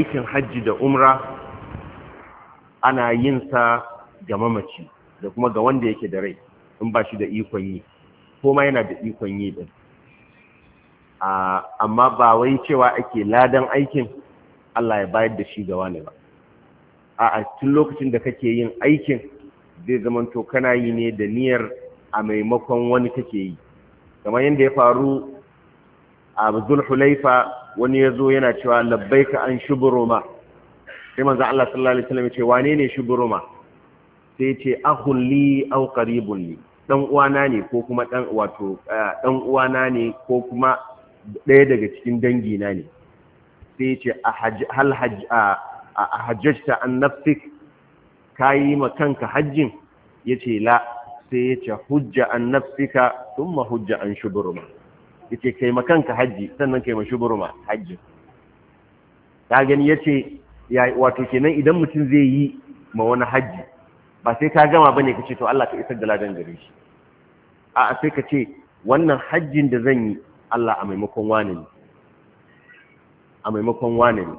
aikin hajji da umra ana yin sa ga mamaci da kuma ga wanda yake da rai in ba shi da ikon yi ko ma yana da ikon yi din amma ba wai cewa ake ladan aikin Allah ya bayar da shi ga wani ba a tun lokacin da kake yin aikin zai zamanto kana yi ne da niyyar a maimakon wani kake yi kamar yadda ya faru a zulhulaifa wani ya zo yana cewa ka an ma. sai manzan Allah sallallahu alaihi wasallam ya ce wane ne ma? sai ce akhun li au qaribun li dan uwana ne ko kuma dan wato eh, dan uwana ne ko kuma ɗaya daga cikin dangi na ne sai ya ce hal a an nafsik yi ma kanka hajjin yace la sai ya ce hujja an nafsika thumma hujja an ma. yake kai makanka hajji sannan kai mashuburma hajji ta gani yace ya wato kenan idan mutum zai yi ma wani hajji ba sai ka gama bane kace to Allah ka isar da ladan gare shi a sai ka ce wannan hajjin da zan yi Allah a maimakon wani ne a maimakon wani ne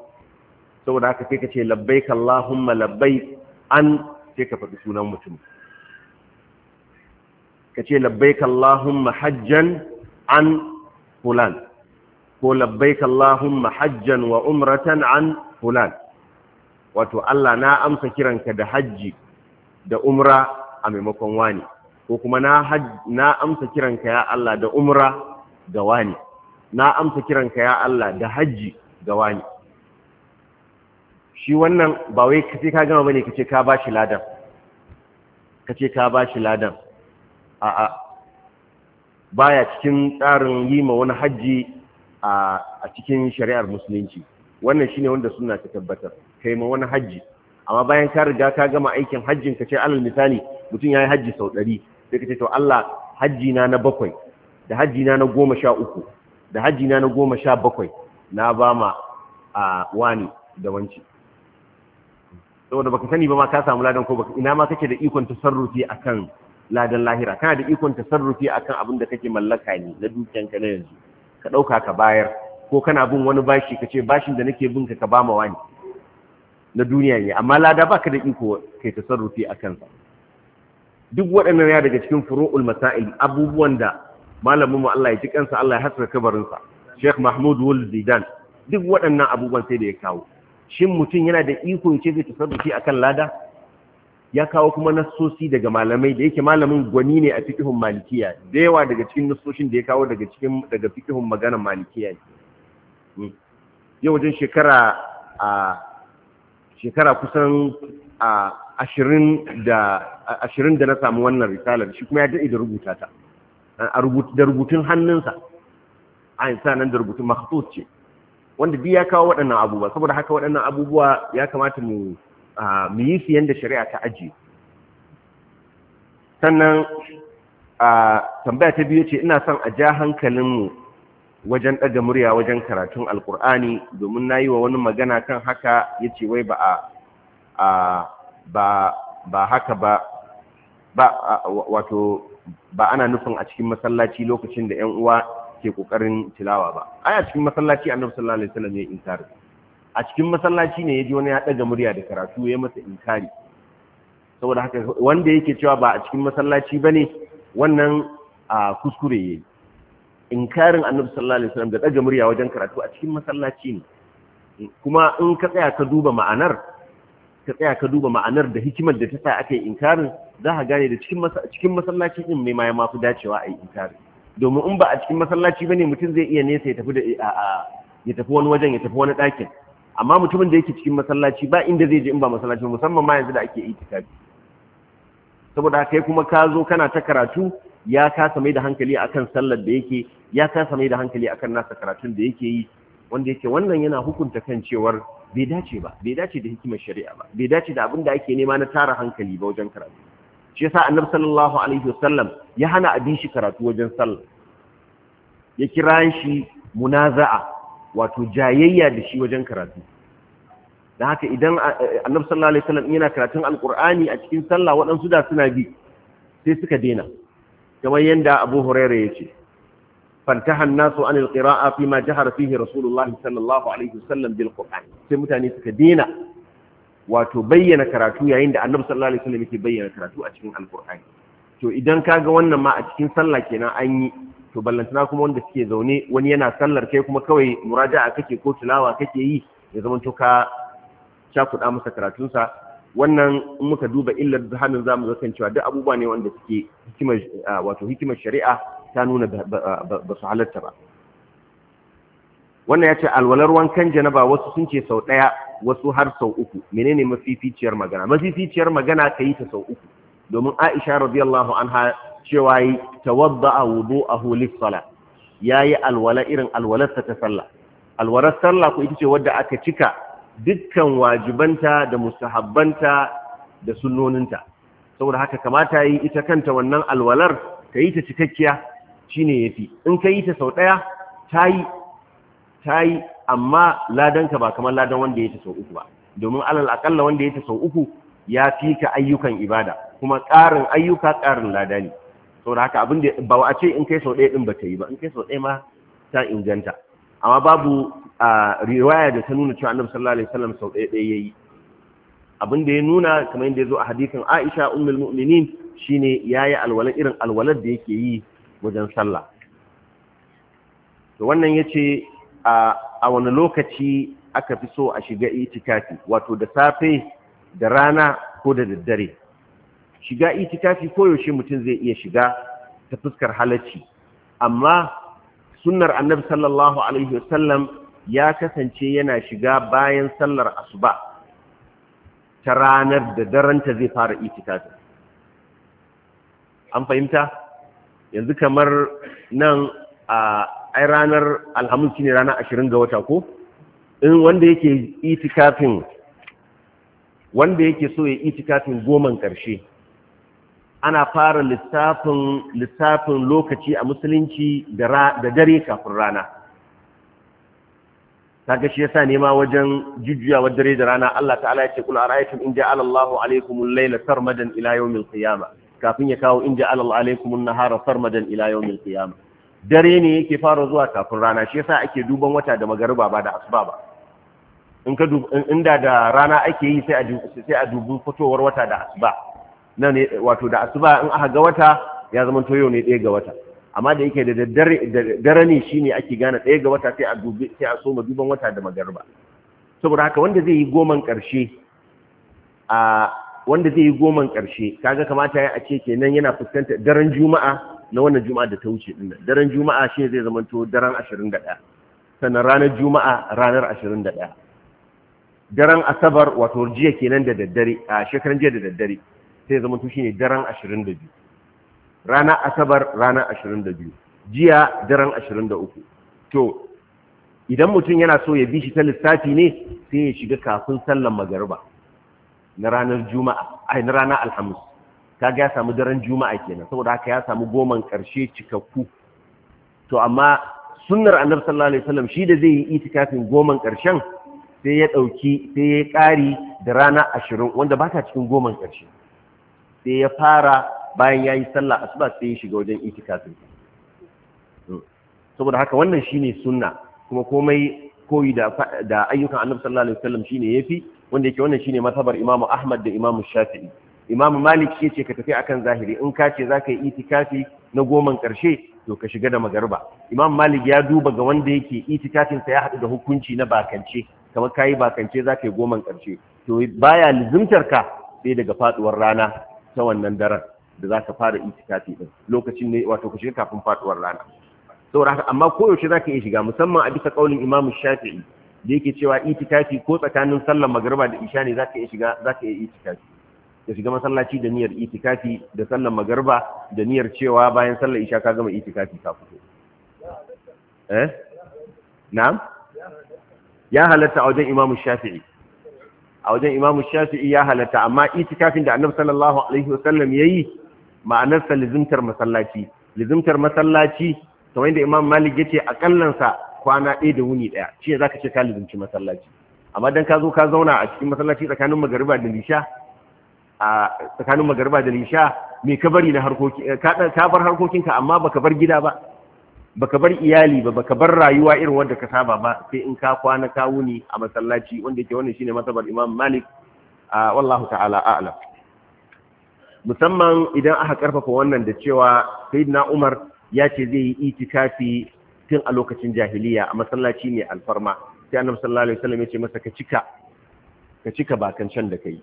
saboda haka sai ka ce labbaik Allahumma labbaik an sai ka faɗi sunan mutum ka ce labbaik Allahumma hajjan an fulan ko labbaik Allahumma hajjan wa umratan an fulan wato Allah na amsa kiranka da hajji da umra a maimakon wani ko kuma na na amsa kiranka ya Allah da umra ga wani na amsa kiranka ya Allah da hajji ga wani shi wannan ba wai kace ka gama bane kace ka bashi ladan kace ka bashi ladan a'a baya cikin tsarin yi ma wani hajji a cikin shari'ar musulunci wannan shine wanda suna ta tabbatar kai ma wani hajji amma bayan ka riga ka gama aikin hajjin ka ce alal misali mutum ya yi hajji sau ɗari sai ka ce to Allah hajji na na bakwai da hajji na na goma sha uku da hajji na na goma sha bakwai na ba ma a wani da wanci saboda baka sani ba ma ka samu ladan ko baka ina ma kake da ikon tasarrufi akan ladan lahira kana da ikon tasarrufi akan abin da kake mallaka ne na ka na yanzu ka ɗauka ka bayar ko kana bin wani bashi ka bashin da nake bin ka ka bama wani na duniya ne amma lada baka da iko kai tasarrufi a kansa duk waɗannan ya daga cikin furu'ul masail abubuwan da malamin mu Allah ya ji kansa Allah ya hasra kabarin sa Sheikh Mahmud Wal Zidan duk waɗannan abubuwan sai da ya kawo shin mutum yana da iko yake tasarrufi akan lada ya kawo kuma nassosi daga malamai da yake malamin gwani ne a fikihun malikiya da yawa daga cikin nassoshin da ya kawo daga cikin daga fikihun magana malikiya ne hmm. yau wajen shekara a shekara kusan a ashirin da ashirin da na samu wannan risalar shi kuma ya daɗe da rubuta ta da rubutun hannunsa a yin da rubutun makasot ce wanda biya kawo waɗannan abubuwa saboda haka waɗannan abubuwa ya kamata mu mu yi siyan da shari'a ta ajiye sannan a tambaya ta biyu ce ina son a ja hankalinmu wajen ɗaga murya wajen karatun alkur'ani domin na yi wa wani magana kan haka ya ce wai ba haka ba ba wato ba ana nufin a cikin masallaci lokacin da 'yan uwa ke ƙoƙarin tilawa ba ai a cikin masallaci annabi sallallahu alaihi wasallam ya inkari a cikin masallaci ne ya ji wani ya ɗaga murya da karatu ya masa inkari saboda haka wanda yake cewa ba a cikin masallaci ba ne wannan a kuskure ya yi inkarin annabi sallallahu alaihi wasallam da ɗaga murya wajen karatu a cikin masallaci ne kuma in ka tsaya ka duba ma'anar ka tsaya ka duba ma'anar da hikimar da ta sa aka yi inkarin za ka gane da cikin masallaci din mai ma ya mafi dacewa a yi inkarin domin in ba a cikin masallaci ba ne mutum zai iya nesa ya tafi wani wajen ya tafi wani ɗakin amma mutumin da yake cikin masallaci ba inda zai je in ba masallaci musamman ma yanzu da ake itikafi saboda haka kai kuma ka zo kana ta karatu ya kasa mai da hankali akan sallar da yake ya kasa mai da hankali akan nasa karatun da yake yi wanda yake wannan yana hukunta kan cewar bai dace ba bai dace da hikimar shari'a ba bai dace da abin da ake nema na tara hankali ba wajen karatu shi yasa annabi sallallahu alaihi wasallam ya hana abin shi karatu wajen sallah ya kira shi munaza'a wato jayayya da shi wajen karatu da haka idan annabi sallallahu alaihi wasallam yana karatun alqur'ani a cikin sallah waɗansu da suna bi sai suka dena kamar yanda abu hurairah yace fantaha an-nasu anil qira'a fi ma jahara fihi rasulullah sallallahu alaihi wasallam bil qur'an sai mutane suka dena wato bayyana karatu yayin da annabi sallallahu alaihi wasallam yake bayyana karatu a cikin alqur'ani to idan kaga wannan ma a cikin sallah kenan an yi to ballantana kuma wanda suke zaune wani yana sallar kai kuma kawai muraja'a kake ko tilawa kake yi ya zama to ka cakuɗa masa karatunsa wannan in muka duba illar zuhamin zamu ga kan cewa duk abubuwa ne wanda suke hikimar ah, wato hikimar shari'a ta nuna ba su halatta ba wannan ya ce alwalar wankan janaba wasu sun ce sau ɗaya wasu har sau uku menene mafificiyar magana mafificiyar magana ka yi ta sau uku domin aisha radiyallahu anha cewa yi wudu a lis-sala yayi alwala irin alwalarsa ta sallah alwalar sallah ko ita ce wadda aka cika dukkan wajibanta da mustahabbanta da sunnoninta saboda haka kamata yi ita kanta wannan alwalar ka yi ta cikakkiya shine yafi in ka yi ta sau ɗaya ta yi ta yi amma ladanka ba kamar ladan wanda ya ta sau uku ba domin alal akalla wanda ya ta sau uku ya fi ka ayyukan ibada kuma ƙarin ayyuka ƙarin lada ne saboda haka abin da ba ce in kai sau ɗaya ɗin ba ta yi ba in kai sau ɗaya ma ta inganta amma babu riwaya da ta nuna cewa annabi sallallahu alaihi wasallam sau ɗaya ɗaya yayi abin da ya nuna kamar yadda ya zo a hadisin Aisha ummul mu'minin shine yayi alwalan irin alwalar da yake yi wajen sallah to wannan yace a a wani lokaci aka fi so a shiga itikafi wato da safe da rana ko da daddare shiga itikafi koyaushe mutum zai iya shiga ta fuskar halacci amma sunnar annabi sallallahu alaihi wasallam ya kasance yana shiga bayan sallar asuba ta ranar da daranta zai fara itikafi an fahimta yanzu kamar nan a ai ranar alhamis ne ranar ashirin ga wata ko in wanda yake itikafin wanda yake so ya itikafin goman ƙarshe ana fara lissafin lissafin lokaci a musulunci da dare kafin rana Ta gashi shi sa nema wajen jujjuyawa dare da rana Allah ta'ala ya ce kula ara'aytum in ja'ala Allahu alaykum al-layla sarmadan ila yawm al-qiyamah kafin ya kawo in ja'ala alaykum an-nahara sarmadan ila yawm al-qiyamah dare ne yake fara zuwa kafin rana shi yasa ake duban wata da magariba ba da asuba ba in ka inda da rana ake yi sai a sai a dubi fitowar wata da asuba na ne wato da asuba in aka ga wata ya zama to yau ne ɗaya ga wata amma da yake da daddare ne shine ake gane ɗaya ga wata sai a dubi sai a soma duban wata da magarba saboda haka wanda zai yi goman ƙarshe a wanda zai yi goman ƙarshe kaga kamata ya a ce kenan yana fuskantar daren juma'a na wannan juma'a da ta wuce din daren juma'a shine zai zama to daren 21 sannan ranar juma'a ranar 21 daren asabar wato jiya kenan da daddare a shekaran jiya da daddare sai zama to ne daren 22 rana asabar rana 22 jiya daren 23 to idan mutum yana so ya bi shi ta lissafi ne sai ya shiga kafin sallan magariba na ranar juma'a ai na rana alhamis ga ya samu daren juma'a kenan saboda haka ya samu goman karshe cikakku to amma sunnar annabi sallallahu alaihi wasallam shi da zai yi itikafin goman karshen sai ya dauki sai ya kari da rana 20 wanda ba ta cikin goman ƙarshe. sai ya fara bayan ya yi sallah asuba sai ya shiga wajen itikafin saboda haka wannan shine sunna kuma komai koyi da ayyukan annabi sallallahu alaihi wasallam shine yafi wanda yake wannan shine matabar imamu ahmad da imamu shafi'i imamu malik shi ce ka tafi akan zahiri in ka ce ka yi itikafi na goman karshe to ka shiga da magarba imamu malik ya duba ga wanda yake itikafin sa ya haɗu da hukunci na bakance kamar kayi bakance zaka yi goman karshe to baya lizimtar ka sai daga faduwar rana ta wannan daren da za ka fara itikafi din lokacin ne wato ka shiga kafin faduwar rana saboda haka amma koyaushe za ka iya shiga musamman a bisa kaulin imam shafi'i da yake cewa itikafi ko tsakanin sallar magariba da isha ne za ka iya shiga za ka iya itikafi ka shiga masallaci da niyyar itikafi da sallar magariba da niyyar cewa bayan sallar isha ka gama itikafi ka fito eh na ya halatta a wajen imam shafi'i a wajen imam shafi'i ya halatta amma itikafin da annabi sallallahu alaihi wasallam yayi ma'anar sa lizimtar masallaci lizimtar masallaci to wanda imam malik yace a sa kwana ɗaya da wuni ɗaya shi ne zaka ce ka lizimci masallaci amma dan ka zo ka zauna a cikin masallaci tsakanin magariba da lisha a tsakanin magariba da lisha me ka bari na harkoki ka bar harkokinka amma baka bar gida ba baka bar iyali ba baka bar rayuwa irin wanda ka saba ba sai in ka kwana ka wuni a masallaci wanda yake wannan shine masabar Imam Malik a wallahu ta'ala a'lam musamman idan aka karfafa wannan da cewa Sayyidina Umar ya ce zai yi itikafi tun a lokacin jahiliya a masallaci ne alfarma sai Annabi sallallahu alaihi wasallam ya ce masa ka cika ka cika bakancan da kai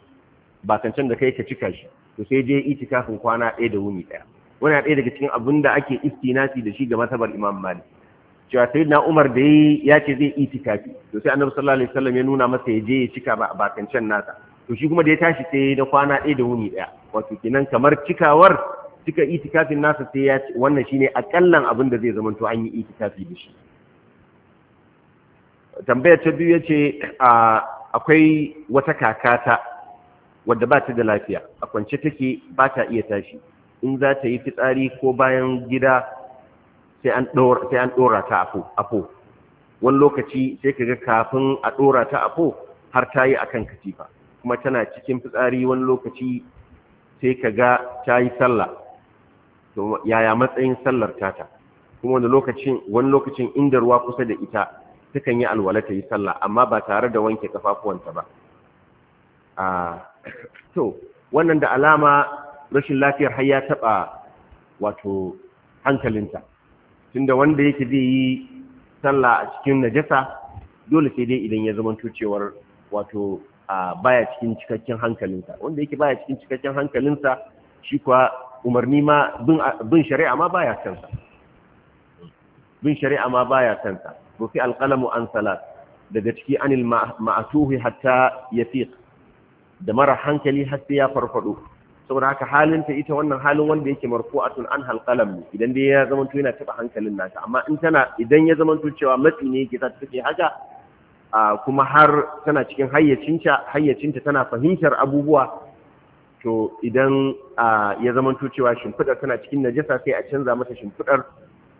bakancan da kai ka cika shi to sai je itikafin kwana ɗaya da wuni ɗaya wani ɗaya daga cikin abin da ake istinasi da shi ga masabar imam mali. cewa sai na umar da ya ce zai kafi to sai annabi sallallahu alaihi wasallam ya nuna masa ya je ya cika ba bakancan nasa to shi kuma da ya tashi sai na kwana ɗaya da wuni ɗaya wato kenan kamar cikawar cika itikafin nasa sai ya ce. wannan shine akallan abin da zai zama to an yi kafi da shi Tambaya ta biyu yace akwai wata kakata wadda ba ta da lafiya a kwance take ba ta iya tashi in za ta yi fitsari ko bayan gida sai an ɗora ta afo wani lokaci sai ka ga kafin a ɗora ta afo har ta yi a akan katifa kuma tana cikin fitsari wani lokaci sai ka ga ta yi sallah yaya matsayin sallar tata kuma wani lokacin wani inda ruwa kusa da ita takan yi alwala ta yi sallah amma ba tare da wanke kafafuwanta ba ah, to da alama rashin lafiyar har ya taɓa wato hankalinta tunda wanda yake zai yi sallah a cikin najasa dole sai dai idan ya zama cewar wato baya cikin cikakken hankalinsa wanda yake baya cikin cikakken hankalinsa shi kuwa umarni ma bin shari'a ma baya kansa bin shari'a ma baya kansa fi alqalamu an salat daga ciki anil ma'atuhi hatta yafiq da mara hankali har sai ya farfado saboda haka halin ta ita wannan halin wanda yake marfu'atun an halqalam ne idan dai ya zamanto yana taba hankalin nata amma in tana idan ya zamanto cewa matsi ne yake ta take haka kuma har tana cikin hayyacinta hayyacinta tana fahimtar abubuwa to idan ya zamanto cewa shimfidar tana cikin najasa sai a canza mata shimfidar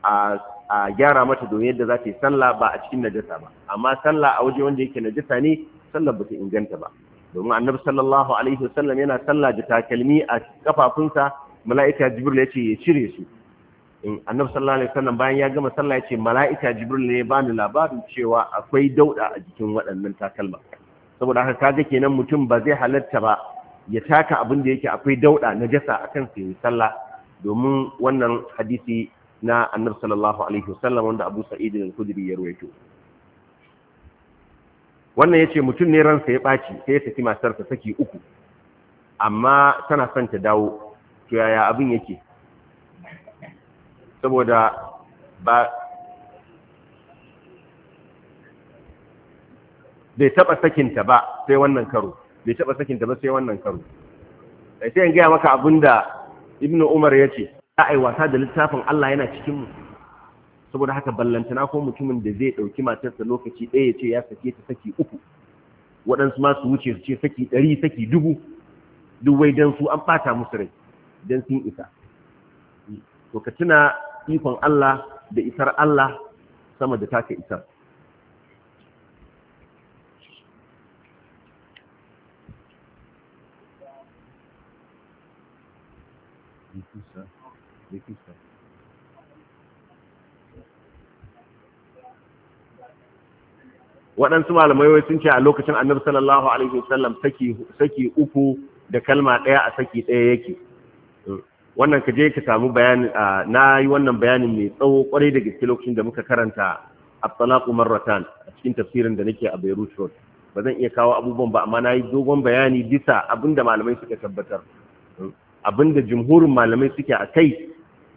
a gyara mata domin yadda zata yi sallah ba a cikin najasa ba amma sallah a waje wanda yake najasa ne sallah ba ta inganta ba domin annabi sallallahu alaihi wasallam yana sallah da takalmi a kafafunsa mala'ika jibril yace ya cire su in annabi sallallahu alaihi wasallam bayan ya gama sallah ce mala'ika jibril ne ba ni labarin cewa akwai dauda a jikin waɗannan takalma saboda haka kaga kenan mutum ba zai halatta ba ya taka abin da yake akwai dauda na jasa akan sa yi sallah domin wannan hadisi na annabi sallallahu alaihi wasallam wanda Abu Sa'id al-Khudri ya rawaito wannan ya ce mutum ne ransa ya baci sai ya saki matarsa saki uku amma tana son ta dawo to yaya abin yake saboda ba bai taba sakinta ba sai wannan karo bai taba sakinta ba sai wannan karo sai gaya maka abinda ibnu umar ya ce za a yi wasa da littafin Allah yana cikin saboda haka ballantana ko mutumin da zai ɗauki matarsa lokaci ɗaya ya ce ya sake ta saki uku waɗansu masu wuce su ce saki ɗari saki dubu duk wai don su an ɓata musu rai don sun isa to ka tuna ikon Allah da isar Allah sama da taka isar Thank you, waɗansu malamai wai sun ce a lokacin annabi sallallahu alaihi wasallam saki saki uku da kalma ɗaya a saki ɗaya yake wannan ka je ka samu bayani na yi wannan bayanin mai tsawo kwarai da gaske lokacin da muka karanta at-talaqu marratan a cikin tafsirin da nake a Beirut Road ba zan iya kawo abubuwan ba amma na yi dogon bayani bisa abinda malamai suka tabbatar abinda jumhurin malamai suke a kai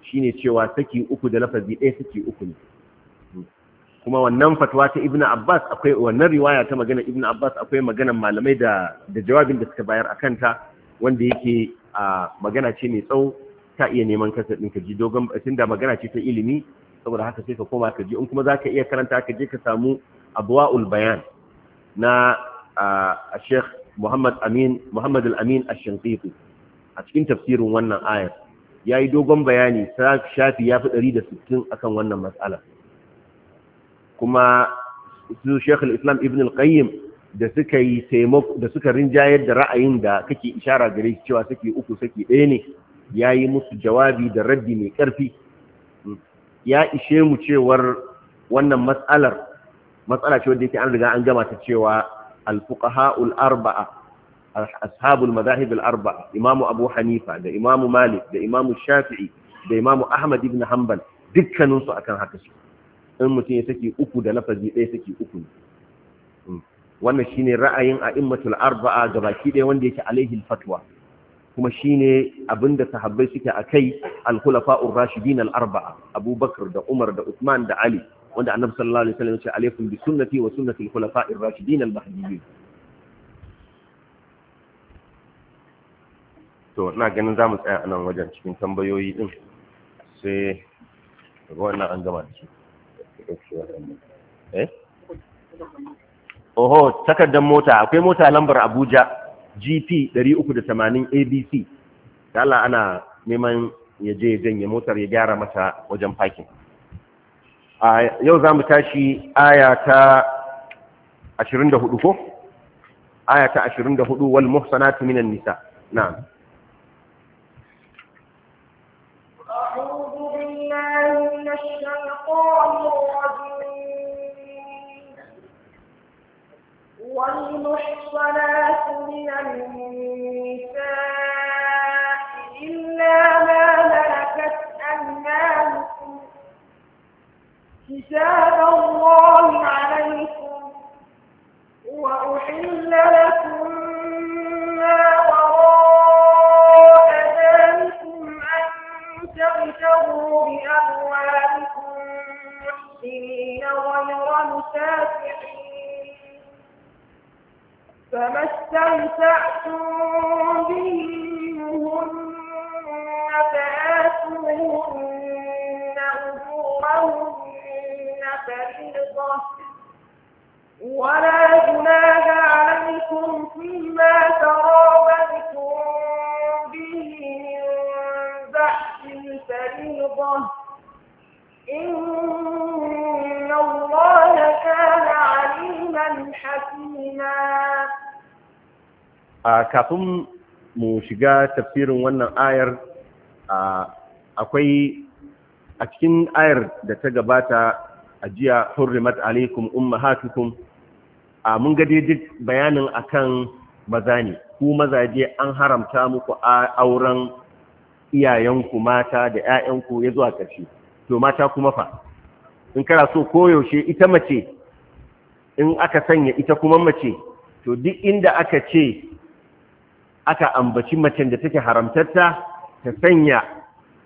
shine cewa saki uku da lafazi ɗaya saki uku ne kuma wannan fatwa ta ibn abbas akwai wannan riwaya ta magana ibn abbas akwai maganan malamai da da jawabin da suka bayar akan ta wanda yake a magana ce mai tsawo ta iya neman kasa ɗin ka ji dogon tunda magana ce ta ilimi saboda haka sai ka koma ka ji in kuma za ka iya karanta ka je ka samu abwaul bayan na a sheikh muhammad amin muhammad al-amin a shanqiti a cikin tafsirin wannan ayar yayi dogon bayani shafi ya fi 160 akan wannan matsalar kuma su Sheikh islam Ibn al-Qayyim da suka yi taimako da suka rinjayar da ra'ayin da kake ishara gare shi cewa suke uku suke ɗaya ne yayi musu jawabi da raddi mai ƙarfi ya ishe mu cewar wannan matsalar matsala ce wanda yake an riga an gama ta cewa al-fuqaha al-arba'a أصحاب المذاهب arba'a, imamu أبو حنيفة da إمام مالك da إمام الشافعي ده إمام أحمد بن حنبل دكا ننصع كان in mutum ya saki uku da lafazi ɗaya saki uku ne hmm. wannan shine ra'ayin a immatul arba'a gabaki ɗaya wanda yake alaihi fatwa kuma shine da sahabbai suke akai al-khulafa'ur rashidin al-arba'a Abubakar da Umar da Usman da Ali wanda Annabi sallallahu alaihi wasallam ya ce alaikum bi sunnati wa sunnati al-khulafa'ir rashidin al-mahdiyyin to ina ganin zamu tsaya anan wajen cikin tambayoyi din sai ga wannan an gama da shi Eh? oho takardar mota akwai mota lambar abuja gp 380 abc dala ana neman ya je janye motar ya gyara mata wajen fakin a yau za mu tashi aya ta 24 ko aya ta 24 wal muhsanatu minan nisa na'am والمحصنات من النساء إلا ما ملكت أيمانكم كتاب الله shiga tafsirin wannan ayar akwai a cikin ayar da ta gabata a jiya hurrimat alaikum ummahatukum a mun ga duk bayanin akan maza ne ku mazaje an haramta muku auren iyayenku mata da 'ya'yanku ya zuwa ƙarshe to mata kuma fa in kana so koyaushe ita mace in aka sanya ita kuma mace to duk inda aka ce aka ambaci macen da take haramtatta ta sanya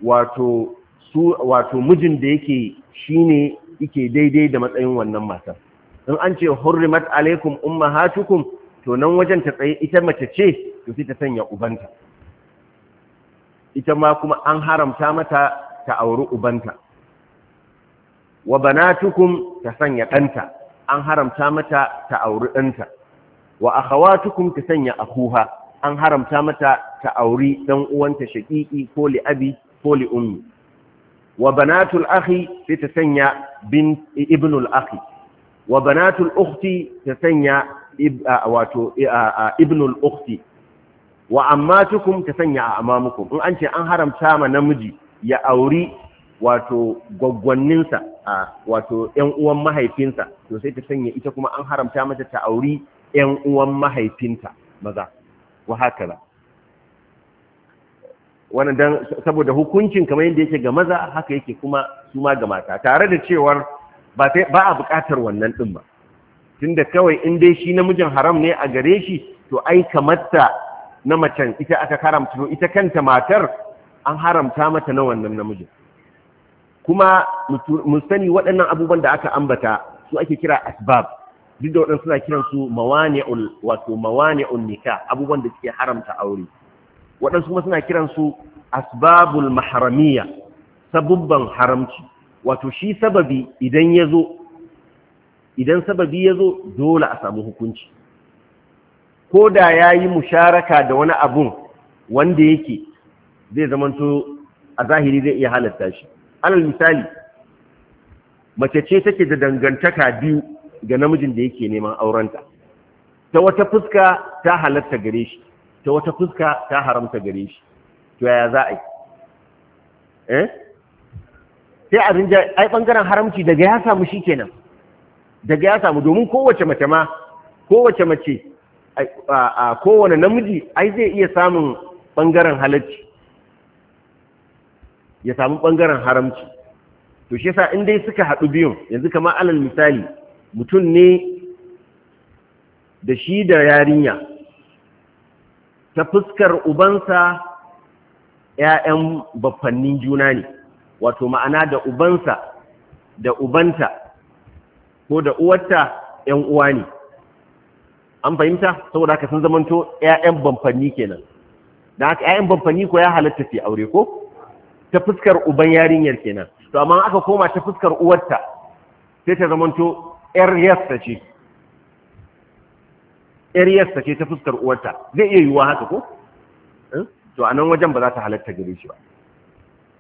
wato mijin da yake ne yake daidai da matsayin wannan matar in an ce hurrimat alaikum ummahatukum to nan wajen ta tsaye ita mace ce to sai ta sanya ubanta ita ma kuma an haramta mata ta auri ubanta wa banatukum ta sanya ɗanta an haramta mata ta auri ɗanta wa akhawatukum ta sanya akuha an haramta mata ta auri dan uwanta shaqiqi ko li abi ko li ummi wa banatul akhi sai ta sanya bin ibnul akhi wa banatul ukhti ta sanya wato ibnul ukhti wa ammatukum ta sanya amamukum in an ce an haramta ma namiji ya auri wato gwaggwanninsa wato ‘yan uwan mahaifinsa to sai ta sanya ita kuma an haramta mata ta auri ‘yan uwan mahaifinta maza wa hakaza wannan dan saboda hukuncin kamar yadda yake ga maza haka yake kuma su ma ga mata tare da cewar ba ba a buƙatar wannan din ba tunda kawai in dai shi namijin haram ne a gare shi to ai kamata na macen ita aka haramta to ita kanta matar an haramta mata na wannan namijin kuma mu sani waɗannan abubuwan da aka ambata su ake kira asbab duk da waɗansu suna kiran su mawani'ul wato mawani'un nikah abubuwan da suke haramta aure waɗansu kuma suna kiran su asbabul mahramiyya sabubban haramci wato shi sababi idan yazo idan sababi ya zo dole a samu hukunci ko da ya musharaka da wani abun wanda yake zai zamanto a zahiri zai iya halatta shi alal misali mace ce take da dangantaka biyu ga namijin da yake neman aurenta ta wata fuska ta halatta gare shi ta wata fuska ta haramta gare shi to yaya za a yi eh sai a rinja ai bangaren haramci daga ya samu shi kenan daga ya samu domin kowace mace ma kowace mace a kowane namiji ai zai iya samun bangaren halacci ya samu bangaren haramci to shi yasa in dai suka haɗu biyun yanzu kamar alal misali mutum ne da shi da yarinya ta fuskar ubansa ‘ya'yan bafannin juna ne wato ma'ana da ubansa da ubanta ko da uwarta ‘yan uwa ne an fahimta saboda haka sun zamanto ‘ya'yan bamfanni kenan da haka ‘ya'yan bamfanni ko ya halatta fi aure ko ta fuskar uban yarinyar kenan to amma aka koma ta fuskar uwarta sai ta zamanto 'yar yasta ce ta fuskar uwarta zai iya yiwuwa haka ko? Eh? to a nan wajen ba za ta halatta gare shi ba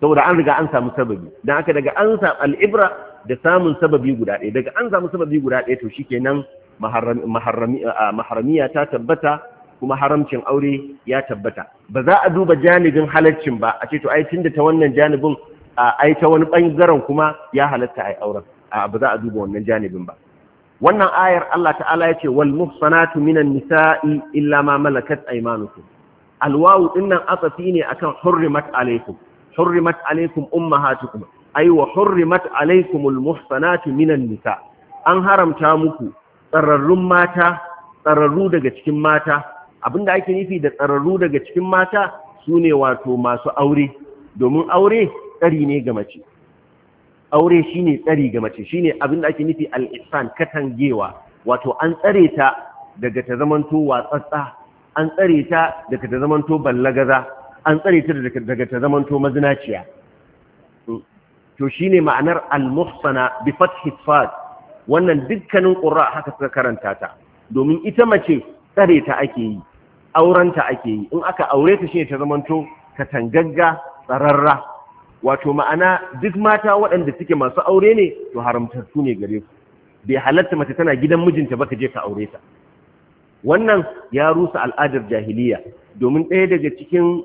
saboda an riga an samu sababi don aka daga an samu al'ibra da samun sababi guda ɗaya daga an samu sababi guda ɗaya to shi ke nan maharamiya ta tabbata kuma haramcin aure ya tabbata ba za a duba janibin halaccin ba a ce to ai da ta wannan janibin a ta wani bangaren kuma ya halatta a yi auren ba za a duba wannan janibin ba wannan ayar Allah ta'ala ce wal muhsanatu minan nisa'i illa ma malakat aymanukum alwawu dinnan asafi ne akan hurrimat alaikum hurrimat alaikum ummahatukum ay wa hurrimat alaikumul muhsanatu minan nisa an haramta muku tsararrun mata tsararru daga cikin mata abinda ake nufi da tsararru daga cikin mata sune wato masu aure domin aure tsari ne ga mace aure shine tsari ga mace shine abin da ake nufi al katangewa wato an tsare ta daga ta zamanto watsatsa an tsare ta daga ta zamanto ballagaza an tsare ta daga ta zamanto mazinaciya to shine ma'anar al-muhsana bi fathi wannan dukkanin qurra haka suka karanta ta domin ita mace tsare ta ake yi aurenta ake yi in aka aure ta shine ta zamanto katangagga tsararra wato ma'ana duk mata waɗanda suke masu aure ne to haramtattu ne gare ku bai halatta mace tana gidan mijinta ba ka je ka aure ta wannan ya rusa al'adar jahiliya domin ɗaya daga cikin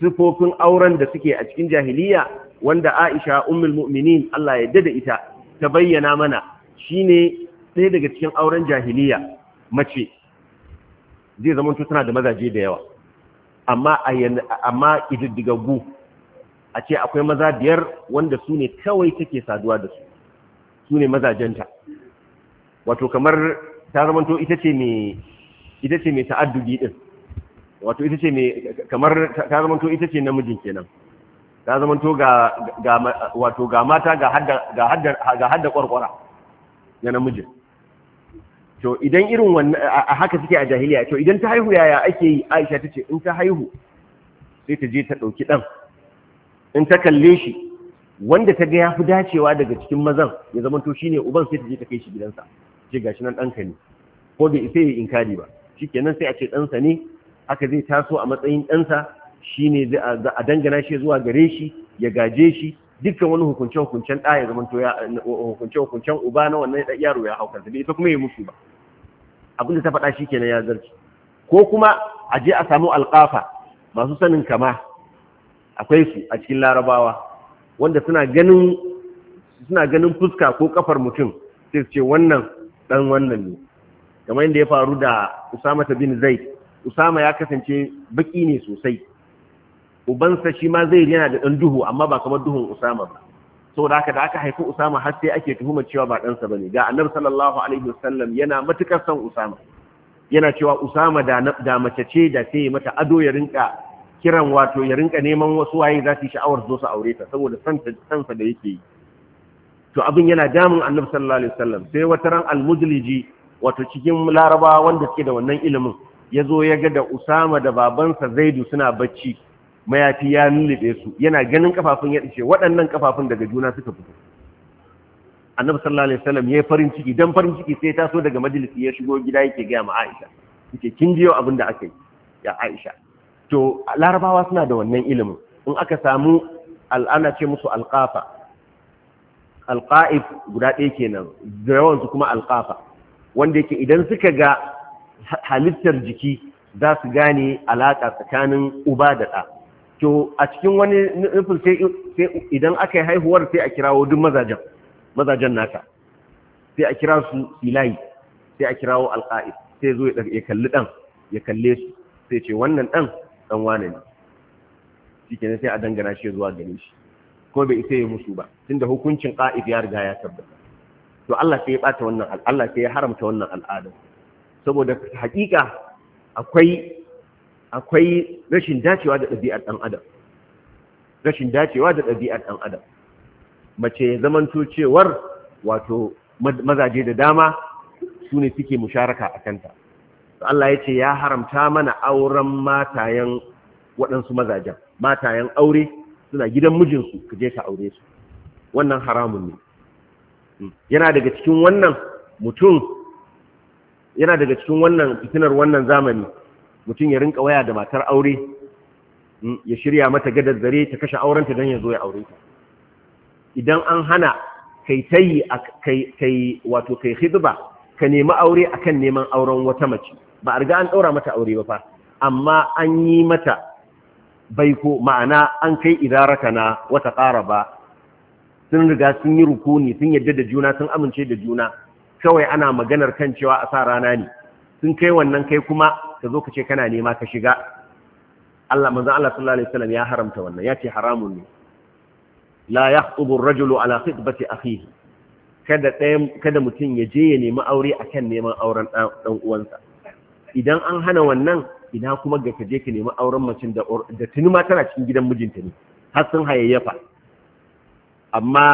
sifofin auren da suke a cikin jahiliya wanda Aisha ummul mu'minin Allah ya dada ita ta bayyana mana shi ne ɗaya daga cikin auren jahiliya mace zai zama tana da mazaje da yawa amma amma ƙididdigaggu a ce akwai maza biyar wanda su ne kawai take saduwa da su su ne mazajenta wato kamar ta zamanto ita ce mai ita ce mai din wato ita ce mai kamar ta zamanto ita ce namijin kenan ta zamanto ga ga wato ga mata ga hadda ga hadda ga hadda kwarkwara na namijin to idan irin wannan a haka suke a jahiliya to idan ta haihu yaya ake yi Aisha tace in ta haihu sai ta je ta dauki dan in ta kalle shi wanda ta ga ya fi dacewa daga cikin mazan ya zama to ne, uban sai ta je ta kai shi gidansa ce shi nan ɗanka ne ko bai isa yi inkari ba shi kenan sai a ce ɗansa ne haka zai taso a matsayin ɗansa shi ne a dangana shi zuwa gare shi ya gaje shi dukkan wani hukunce hukuncen ɗa ya zama to hukunce hukuncen uba na wannan yaro ya haukar bai ita kuma ya mutu ba abin da ta faɗa shi kenan ya zarci ko kuma a je a samu alƙafa masu sanin kama akwai su a cikin larabawa wanda suna ganin fuska ko kafar mutum sai su ce wannan dan wannan ne kamar yadda ya faru da Usama bin zai, Usama ya kasance baki ne sosai ubansa shi ma zai yana da dan duhu amma ba kamar duhun Usama ba da haka da aka haifi Usama har sai ake tuhumar cewa ba ɗansa ne. ga Annabi sallallahu alaihi wasallam yana matukar son Usama yana cewa Usama da mace ce da sai mata ado ya rinka kiran wato ya rinka neman wasu waye za su yi sha'awar zo su aure ta saboda sansa da yake yi to abin yana damun annabi sallallahu alaihi wasallam sai wata ran almujliji wato cikin laraba wanda suke da wannan ilimin ya zo ya ga da usama da babansa zaidu suna bacci mayafi ya lullube su yana ganin kafafun ya dace waɗannan kafafun daga juna suka fito annabi sallallahu alaihi wasallam ya farin ciki dan farin ciki sai taso daga majalisi ya shigo gida yake ga ma Aisha yake kin abin da aka yi ya Aisha to larabawa suna da wannan ilimin in aka samu al'ana ce musu alƙafa alƙa'if guda ɗaya kenan nan kuma alƙafa wanda yake idan suka ga halittar jiki za su gane alaƙa tsakanin uba da ɗa to a cikin wani nufin sai idan aka yi haihuwar sai a kirawo duk mazajen mazajen naka sai a kira su ilayi sai a kirawo alƙa'if sai zo ya kalli ɗan ya kalle su sai ce wannan ɗan dan wane ne shikenan sai a dangana shi zuwa gare shi ko bai isa ya musu ba tunda hukuncin qa'id ya riga ya tabbata to Allah sai ya bata wannan Allah sai ya haramta wannan al'ada saboda hakika akwai akwai rashin dacewa da dabi'ar ɗan adam rashin dacewa da dabi'ar dan adam mace zamanto cewar wato mazaje da dama sune suke musharaka a kanta Allah ya ce ya haramta mana auren matayen waɗansu mazajen matayen aure suna gidan mijinsu ka je ka aure su wannan haramun ne hmm. yana daga cikin wannan mutum yana daga cikin wannan fitinar wannan zamani mutum ya rinka waya da matar aure hmm, ya shirya mata gadar zare ta kashe aurenta don ya zo ya aure ta idan an hana kai tayi kai wato kai hidba ka nemi aure akan neman auren wata mace ba a riga an ɗaura mata aure ba fa amma an yi mata baiko ma'ana an kai idaraka na wata ƙara ba sun riga sun yi rukuni sun yadda da juna sun amince da juna kawai ana maganar kan cewa a sa rana ne sun kai wannan kai kuma ka zo ka ce kana nema ka shiga Allah manzon Allah sallallahu alaihi wasallam ya haramta wannan ya ce haramun ne la yaqtubu ar-rajulu ala khitbati akhihi kada kada mutum ya je ya nemi aure akan neman auren ɗan uwansa idan an hana wannan ina kuma ga kaje ka nemi auren macin da da tuni ma tana cikin gidan mijinta ne har sun hayayyafa amma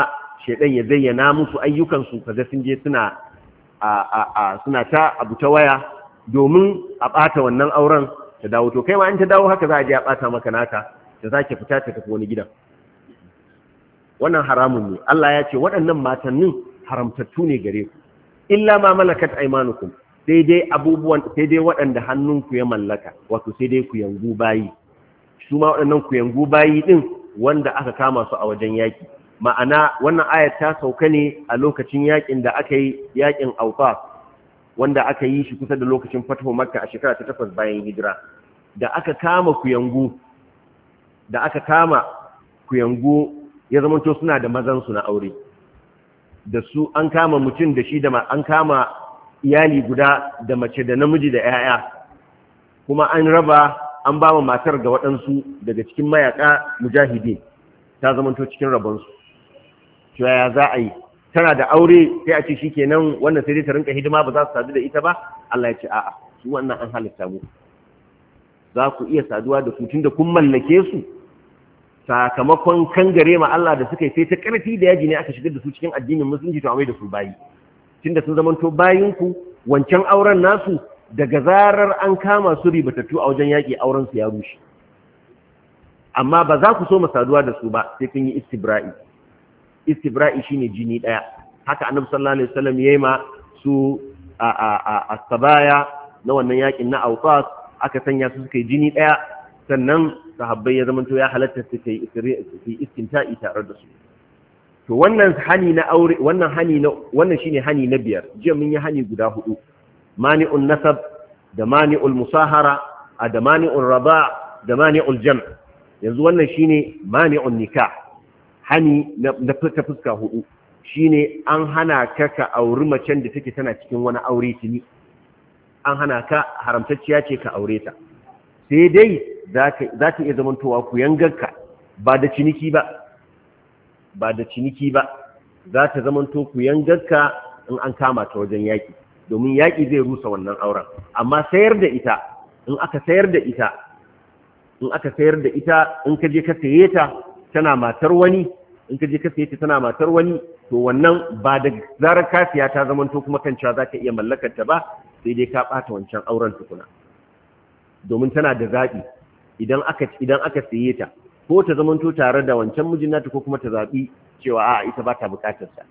shedan ya zayyana musu ayyukan su kaza sun je suna a suna ta abu ta waya domin a bata wannan auren ta dawo to kai ma in ta dawo haka za a je a bata maka naka ta zake fita ta tafi wani gidan wannan haramun ne Allah ya ce waɗannan matannin haramtattu ne gare ku illa ma malakat aymanukum sai dai abubuwan sai dai waɗanda hannunku ya mallaka wato sai dai ku yangu bayi su ma waɗannan ku yangu bayi ɗin, wanda aka kama su a wajen yaki ma'ana wannan ayat ta sauka ne a lokacin yakin da aka yi yakin Aufa wanda aka yi shi kusa da lokacin Fathu Makka a shekara ta 8 bayan hijira da aka kama ku yangu da aka kama ku yangu ya zamanto suna da mazan su na aure da su an kama mutum da shi da an kama iyali guda da mace da namiji da 'ya'ya kuma an raba an ba wa matar ga waɗansu daga cikin mayaka mujahide, ta zamanto cikin rabonsu cewa za a yi tana da aure sai a ce shi kenan wannan sai dai ta rinka hidima ba za su sadu da ita ba Allah ya ce a'a su wannan an halitta mu za ku iya saduwa da su da kun mallake su sakamakon kangare ma Allah da suka yi sai ta ƙarfi da yaji ne aka shigar da su cikin addinin musulunci to amai da su bayi tunda sun zamanto bayinku wancan auren nasu daga zarar an kama su ribatattu a wajen yaƙi auren su ya rushe amma ba za ku so mu saduwa da su ba sai kun yi istibra'i istibra'i shine jini ɗaya. haka annabi sallallahu alaihi wasallam yi ma su a a na wannan yaƙin na autos aka sanya su suka yi jini ɗaya. sannan sahabbai ya zamanto ya halatta ka yi istinta'i tare da su to wannan hani na aure wannan hani na wannan shine hani na biyar jiya mun yi hani guda hudu mani'un nasab da mani'ul musahara da mani'ul raba da mani'ul jam' yanzu wannan shine mani'un nikah hani na ta fuska hudu shine an hana ka ka auri macen da take tana cikin wani aure tuni an hana ka haramtacciya ce ka aure ta sai dai za ta iya zamantowa ku yangarka ba da ciniki ba ba da ciniki ba za ta zamanto ku yangarka in an kama ta wajen yaƙi domin yaƙi zai rusa wannan auren amma sayar da ita in aka sayar da ita in aka sayar da ita in ka je ka saye ta tana matar wani in ka je ka saye ta tana matar wani to wannan ba da zarar kafiya ta zamanto kuma kancewa za ka iya mallakar ta ba sai dai ka ɓata wancan auren tukuna domin tana da zaɓi idan aka idan aka saye ta ko ta zamanto tare da wancan mijin nata ko kuma ta zaɓi cewa a ita ba ta buƙatar sa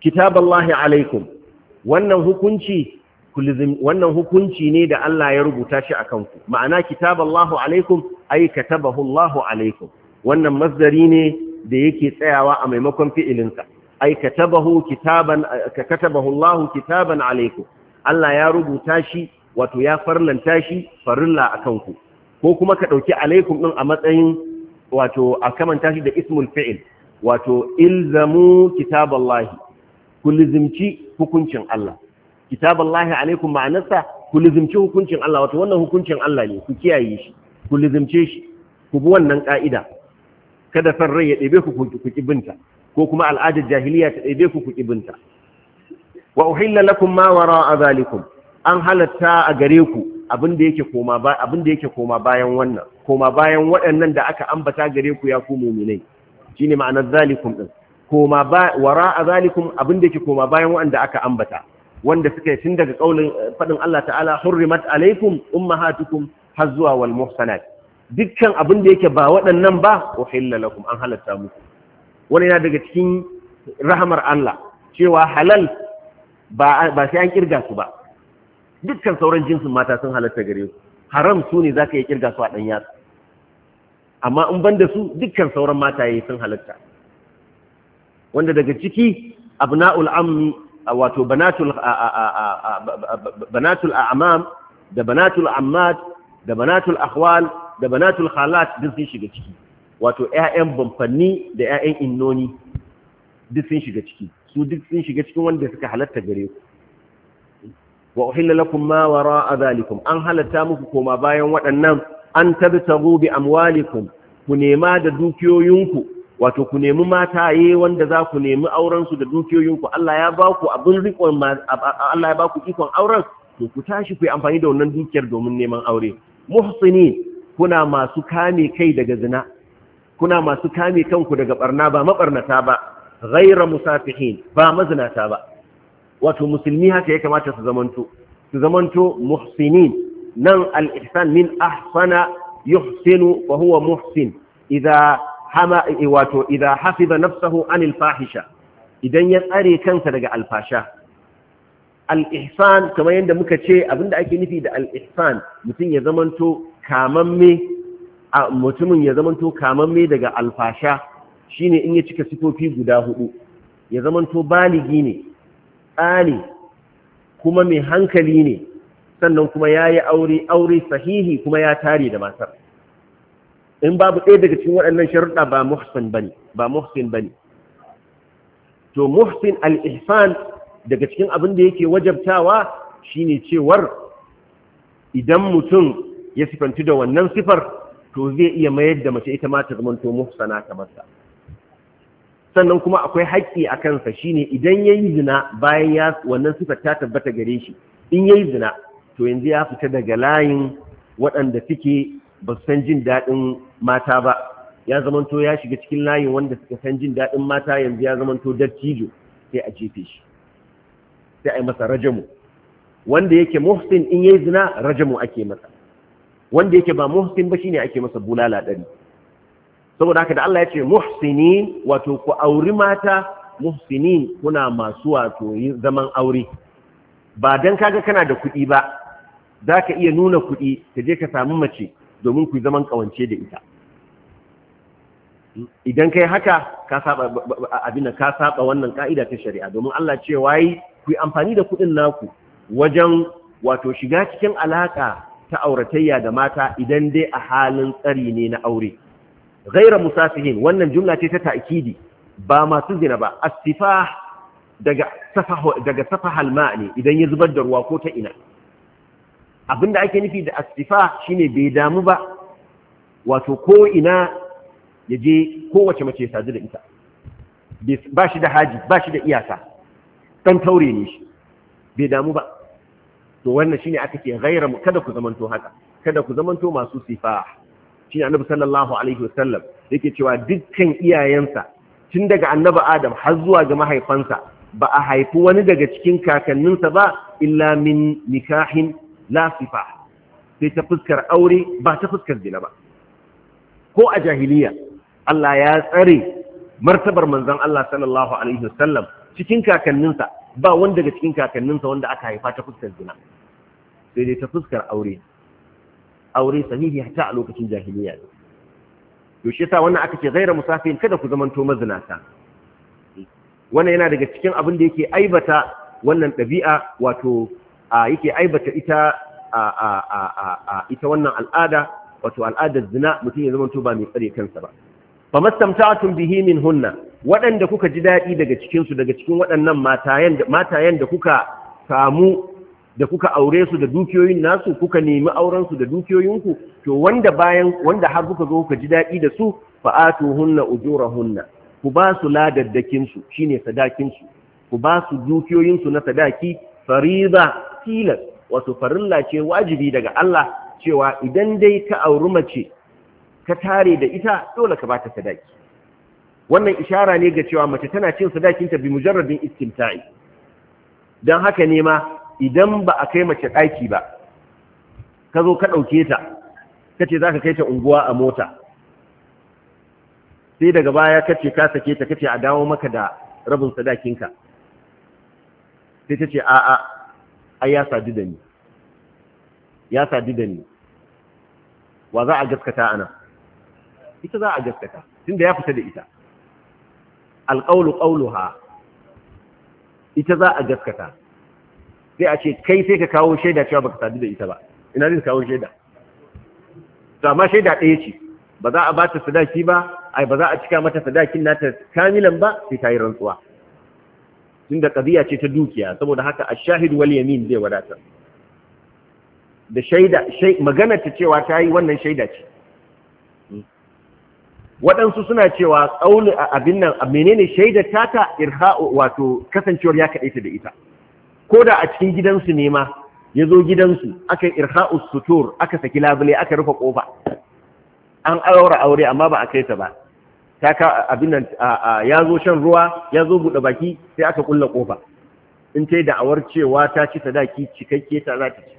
kitaballahi alaikum wannan hukunci wannan hukunci ne da Allah ya rubuta shi akan ku ma'ana kitaballahu alaikum ay katabahu Allahu alaikum wannan masdari ne da yake tsayawa a maimakon fi'ilinsa ay katabahu kitaban katabahu Allahu kitaban alaikum Allah ya rubuta shi wato ya farlanta shi farilla a kanku ko kuma ka ɗauki alaikum ɗin a matsayin wato a kamanta shi da ismul fi'il wato ilzamu kitaballahi ku lizimci hukuncin Allah kitaballahi alaikum ma'anarsa ku lizimci hukuncin Allah wato wannan hukuncin Allah ne ku kiyaye shi ku lizimce shi ku bi wannan ka'ida kada san rai ya ɗebe ku ku kibinta ko kuma al'adar jahiliya ta ɗebe ku ku kibinta wa uhilla lakum ma wara'a zalikum an halatta a gare ku abin da yake koma bayan wannan koma bayan waɗannan da aka ambata gare ku ya ku mu'minai shine ma'anar zalikum ɗin, koma wa zalikum abin da yake koma bayan waɗanda aka ambata wanda suka tun daga ƙaunin eh, faɗin Allah ta'ala hurrimat alaikum ummahatukum har zuwa wal dukkan abin da yake ba waɗannan ba uhilla lakum an halatta muku wani yana daga cikin rahamar Allah cewa halal ba sai an kirga su ba dukkan sauran jinsin mata sun halatta gare su haram su ne za ka yi kirga su a ɗan yatsu amma in ban da su dukkan sauran mata mataye sun halatta wanda daga ciki abna'ul ammi wato banatul banatul a'mam da banatul ammat da banatul akhwal da banatul khalat duk sun shiga ciki wato ƴaƴan bamfanni da 'ya'yan innoni duk sun shiga ciki su duk sun shiga cikin wanda suka halatta gare ku wa uhilla lakum ma wara'a zalikum an halatta muku koma bayan waɗannan an tabtagu bi amwalikum ku nema da dukiyoyinku wato ku nemi mataye wanda za ku nemi auren su da dukiyoyinku Allah ya ba ku abin riƙon Allah ya ba ku ikon auren to ku tashi ku yi amfani da wannan dukiyar domin neman aure muhsini kuna masu kame kai daga zina kuna masu kame kanku daga barna ba mabarnata ba ghaira musafihin ba mazinata ba wato musulmi haka ya kamata su zamanto su zamanto muhsinin nan al-ihsan min ahsana yuhsinu wa huwa muhsin idza hama wato idza hafiza nafsahu anil fahisha idan ya tsare kansa daga alfasha al-ihsan kamar yadda muka ce abinda ake nufi da al-ihsan mutum ya zamanto kamamme mutumin ya zamanto kamamme daga alfasha shine in ya cika sifofi guda hudu ya zamanto baligi ne ƙani kuma mai hankali ne sannan kuma ya yi aure aure sahihi kuma ya tare da matar in babu ɗaya daga cikin waɗannan sharuɗa ba muhsin bane ba muhsin bane to muhsin al-ihsan daga cikin abin da yake wajabtawa shine cewar idan mutum ya sifanci da wannan sifar to zai iya mayar da mace ita ma ta muhsana kamar sa sannan kuma akwai haƙƙi a kansa shine idan ya yi zina bayan ya wannan sifar ta tabbata gare shi in ya yi zina to yanzu ya fita daga layin waɗanda suke ba san jin daɗin mata ba ya zamanto ya shiga cikin layin wanda suka san jin daɗin mata yanzu ya zamanto dattijo sai a jefe shi sai a yi masa rajamu wanda yake muhsin in ya yi zina rajamu ake masa wanda yake ba muhsin ba shine ake masa bulala ɗari saboda haka da Allah ya ce muhsini wato ku auri mata muhsini kuna masu wato zaman aure ba dan kaga kana da kuɗi ba za ka iya nuna kuɗi ka je ka samu mace domin ku zaman kawance da ita idan kai haka ka saba abin ka saba wannan ka'ida ta shari'a domin Allah ce wai ku yi amfani da kuɗin naku wajen wato shiga cikin alaka ta auratayya da mata idan dai a halin tsari ne na aure ghaira musafihin wannan jumla ce ta ta'kidi ba masu zina ba astifah daga safahu daga safahal ma'ani idan ya zubar da ruwa ko ta ina abinda ake nufi da astifah shine bai damu ba wato ko ina ya je kowace mace sadu da ita ba shi da haji ba shi da iyaka dan taure ne shi bai damu ba to wannan shine aka ce ghaira kada ku zamanto haka kada ku zamanto masu sifah shi ne annabi sallallahu alaihi wasallam yake cewa dukkan iyayensa tun daga annabi adam har zuwa ga mahaifansa ba a haifi wani daga cikin kakanninsa ba illa min nikahin lasifa sai ta fuskar aure ba ta fuskar zina ba ko a jahiliya Allah ya tsare martabar manzon Allah sallallahu alaihi wasallam cikin kakanninsa ba wanda daga cikin kakanninsa wanda aka haifa ta fuskar zina sai dai ta fuskar aure aure sahihi hata a lokacin jahiliya ne to shi yasa wannan aka ce ghaira musafin kada ku zamanto mazinata wannan yana daga cikin abin da yake aibata wannan ɗabi'a wato yake aibata ita ita wannan al'ada wato al'adar zina mutum ya zamanto ba mai tsare kansa ba fa mastamta'atun bihi min hunna waɗanda kuka ji daɗi daga cikin su daga cikin waɗannan matayen matayen da kuka samu da kuka aure su da dukiyoyin nasu kuka nemi aurensu su da dukiyoyinku to wanda bayan wanda har kuka zo ka ji daɗi da su hunna ujura ujurahunna ku ba su ladaddakin su shine sadakin su ku ba su dukiyoyin su na sadaki fariza tilas wato farilla ce wajibi daga Allah cewa idan dai ka auri mace ka tare da ita dole ka ba ta sadaki wannan ishara ne ga cewa mace tana cin sadakinta bi mujarradin istimta'i don haka ne ma idan ba a kai mace ɗaki ba ka zo ka ɗauke ta ka ce za ka kai ta unguwa a mota sai daga baya ka ce ka sake ta ka ce a dawo maka da rabin sadakinka sai ta ce a'a ai ya sadu da ni ya sadu da ni wa za a gaskata ana ita za a gaskata da ya fita da ita alƙaulu ha ita za a gaskata sai a ce kai sai ka kawo shaida cewa baka sadu da ita ba ina zai kawo shaida to amma shaida ɗaya ce ba za a ba ta sadaki ba ai ba za a cika mata sadakin nata kamilan ba sai ta yi rantsuwa tunda qadiya ce ta dukiya saboda haka ash-shahid wal yamin zai wadatar da shaida magana ta cewa ta yi wannan shaida ce waɗansu suna cewa tsauni abin nan a menene shaida tata irha wato kasancewar ya ta da ita ko da a cikin gidansu ne ma ya zo gidansu aka irha sutur aka saki labule aka rufe kofa an aura aure amma ba a kai ta ba ta ka abin nan ya zo shan ruwa ya zo buɗe baki sai aka kulla kofa in ta yi da'awar cewa ta ci sadaki cikakke ta za ta ci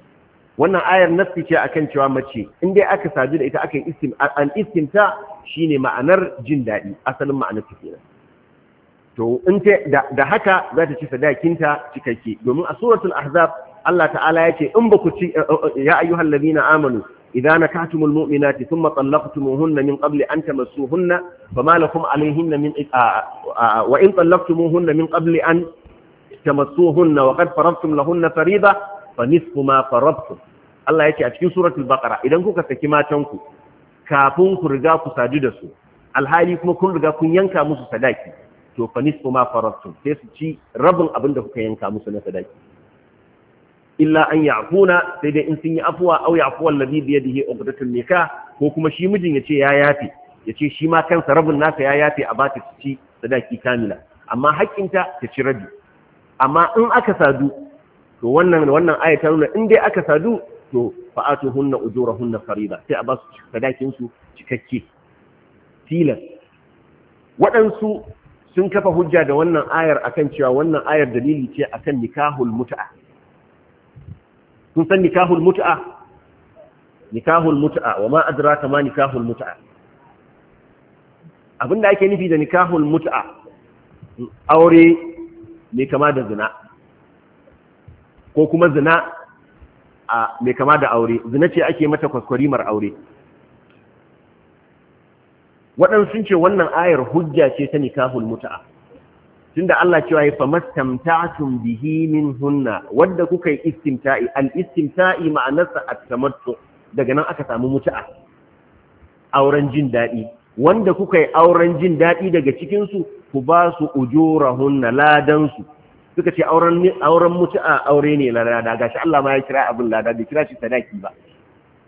wannan ayar nassi ce akan cewa mace in dai aka sadu da ita aka yi istim an istimta shine ma'anar jin daɗi asalin ma'anar ta kenan to in ta da haka za ta ci sadakinta cikakke domin a suratul ahzab Allah ta'ala ya ce in ba ku ci eh, eh, eh, ya ayyuhal ladina amanu idza nakahtumul mu'minati thumma talaqtumuhunna min qabli an tamassuhunna fama lakum alayhinna min wa in talaqtumuhunna min qabli an tamassuhunna wa qad faradtum lahunna fariida fa nisfu ma faradtum Allah yake a cikin suratul baqara idan kuka saki matan ku kafin ku riga ku sadu da su alhali kuma kun riga kun yanka musu sadaki to fa nisfu ma farattum sai su ci rabin abin da kuka yanka musu na sadaki illa an ya'funa sai dai in sun yi afuwa aw ya'fu alladhi bi yadihi uqdatun nikah ko kuma shi mijin ya ce ya yafi ya ce shi ma kansa rabin nasa ya yafi a bata ta ci sadaki kamila amma haƙƙinta ta ci rabi amma in aka sadu to wannan wannan aya ta nuna in dai aka sadu to fa'atu hunna ujurahunna fariba sai a ba su sadakin su cikakke tilas waɗansu sun kafa hujja da wannan ayar akan cewa wannan ayar dalili ce akan nikahul mut'a kun san nikahul mut'a nikahul mut'a wa ma adraka ma nikahul mut'a abinda ake nufi da nikahul mut'a aure mai kama da zina ko kuma zina a mai kama da aure zina ce ake mata mar aure waɗansu sun ce wannan ayar hujja ce ta nikahul muta'a tunda Allah cewa ya famastamta'tum bihi min hunna wanda kuka yi istimta'i al istimta'i ma'anarsa at-tamattu daga nan aka samu muta'a auren jin daɗi wanda kuka yi auren jin daɗi daga cikin su ku ba su ujurahunna ladan su suka ce auren auren mutu'a aure ne lada gashi Allah ma ya kira abin lada bai kira shi sadaki ba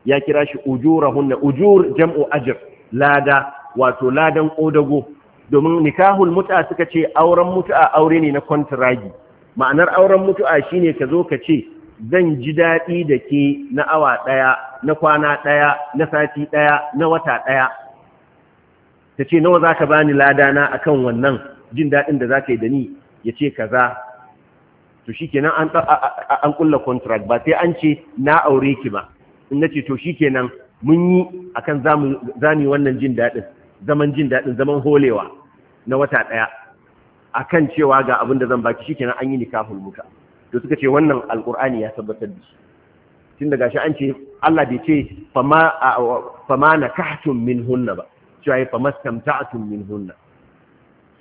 ya kira shi ujurahunna ujur jam'u ajr lada wato ladan ƙodago domin nikahul mut'a suka ce auren mut'a aure ne na kwantiragi ma'anar auren mutu'a ne ka zo ka ce zan ji daɗi da ke na awa ɗaya na kwana ɗaya na sati ɗaya na wata ɗaya ta ce nawa za ka ba ni ladana a kan wannan jin daɗin da za ka yi da ni ya ce kaza to shi kenan an ƙulla kontrak ba sai an ce na aure ki ba in na ce to shi kenan mun yi akan za ni wannan jin daɗin zaman jin daɗin zaman holewa na wata ɗaya a kan cewa ga abin da zan baki shi kenan an yi ni nikahul muka. to suka ce wannan alƙur'ani ya tabbatar da shi tun daga shi an ce Allah bai ce fama na kahtun min hunna ba cewa ya fama tun min hunna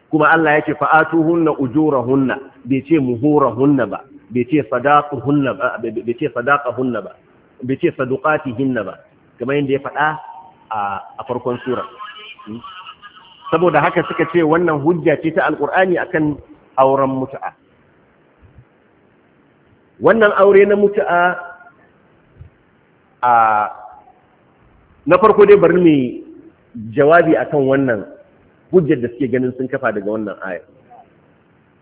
kuma Allah ya ce fa'atu hunna ujura hunna bai ce muhura hunna ba bai ce hunna ba bai ce sadaqa hunna ba bai ce saduqati hunna ba kamar yadda ya faɗa a farkon sura saboda haka suka ce wannan hujja ce ta alkur'ani akan auren mutu'a wannan aure na mutu'a a na farko dai bari mai jawabi akan wannan hujjar da suke ganin sun kafa daga wannan ayar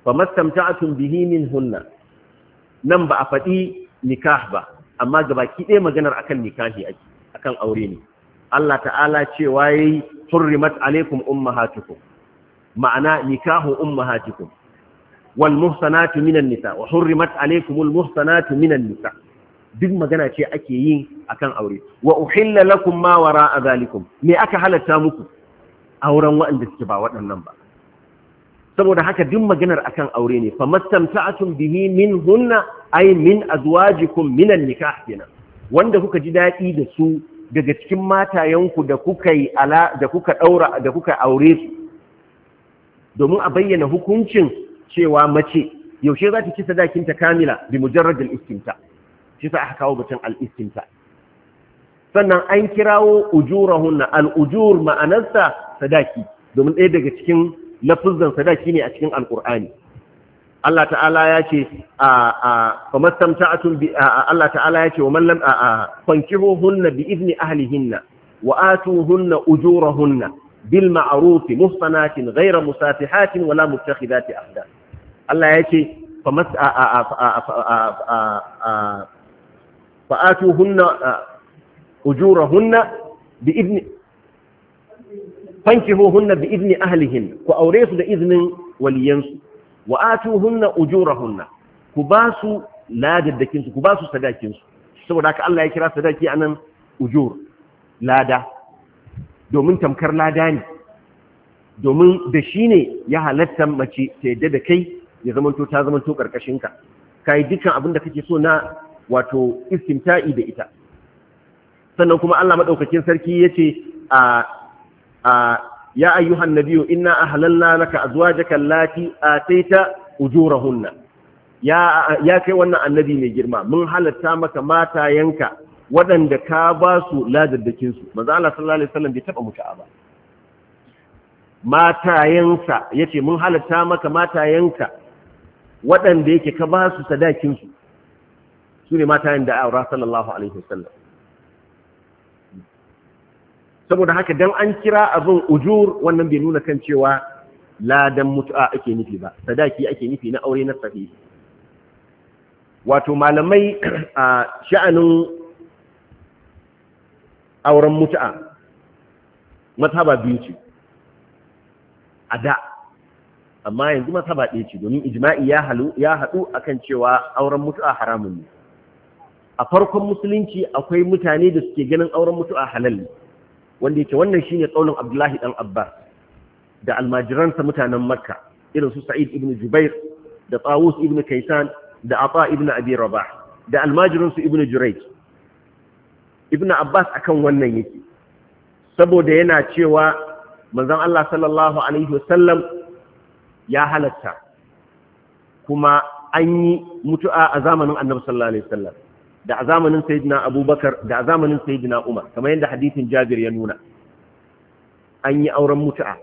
fa mastamta'atun bihi min hunna nan ba a faɗi nikah ba amma ki ɗaya maganar akan nikahi a akan aure ne Allah ta'ala cewa yayi hurrimat ma'ana nikahu ummahatikum wal muhsanatu minan nisa wa minan nisa duk magana ce ake yi akan aure wa uhilla lakum ma wara'a zalikum me aka halatta muku auren waɗanda suke ba waɗannan ba saboda haka duk maganar akan aure ne famastamta'atum bihi min hunna ay min azwajikum minan nikah kenan wanda kuka ji daɗi da su daga cikin matayenku da kuka yi ala da kuka daura da kuka aure su domin a bayyana hukuncin cewa mace yaushe za ta ci sadakinta kamila bi mujarrad al-istimta shi sa aka kawo batun al sannan an kirawo ujurahunna al-ujur ma'anarsa sadaki domin ɗaya daga cikin lafuzan sadaki ne a cikin alqur'ani Allah ta'ala ya ce a fa mastamta'atun bi Allah ta'ala ya ce wa a man lam hunna bi izni ahlihinna wa atuhunna ujurahunna bil ma'ruf muhsanatin ghayra musafihatin wala muttakhidati ahdan Allah ya ce fa mas fa hunna ujurahunna bi izni hunna bi izni ahlihinna ku aure su da iznin waliyansu wa ujura ujurahunna ku ba su su ku ba su sadakin saboda haka Allah ya kira sadaki anan ujur lada domin tamkar lada ne domin da shi ne ya halatta mace ta yadda da kai ya to ta zamanto karkashin ka kai dukkan abin da kake so na wato istimta'i da ita sannan kuma Allah madaukakin sarki yace a a ya ayyuhan nabiyyu inna ahlalna laka azwajaka allati ataita ujurahunna ya ya kai wannan annabi mai girma mun halatta maka matayanka waɗanda ka ba su ladaddakin su manzo Allah sallallahu alaihi wasallam bai taba mutu'a ba matayansa yace mun halatta maka matayanka waɗanda yake ka ba su sadakin su su ne matayan da aura sallallahu alaihi wasallam saboda haka dan an kira abin ujur wannan bai nuna kan cewa ladan mutu'a ake nufi ba sadaki ake nufi na aure na sahihi wato malamai a sha'anin auren mutu'a mazhaba biyu ce a da amma yanzu mazhaba ɗaya ce domin ijma'i ya haɗu a kan cewa auren mutu'a haramun ne a farkon musulunci akwai mutane da suke ganin auren mutu'a halal ne wanda yake wannan shine Tsaunin Abdullahi dan Abbas da almajiransa mutanen Makka irin su Sa'id ibn Jubair da Tawus ibn kaisan da Ata ibn Abi Rabah da almajiransu ibn Jurayj ibn Abbas akan wannan yake saboda yana cewa manzon Allah sallallahu alaihi wasallam ya halatta kuma an yi mutu'a a zamanin Annabi sallallahu alaihi wasallam da a zamanin sayyidina abubakar da a zamanin sayyidina umar kamar yadda hadisin jabir ya nuna an yi auren mutu'a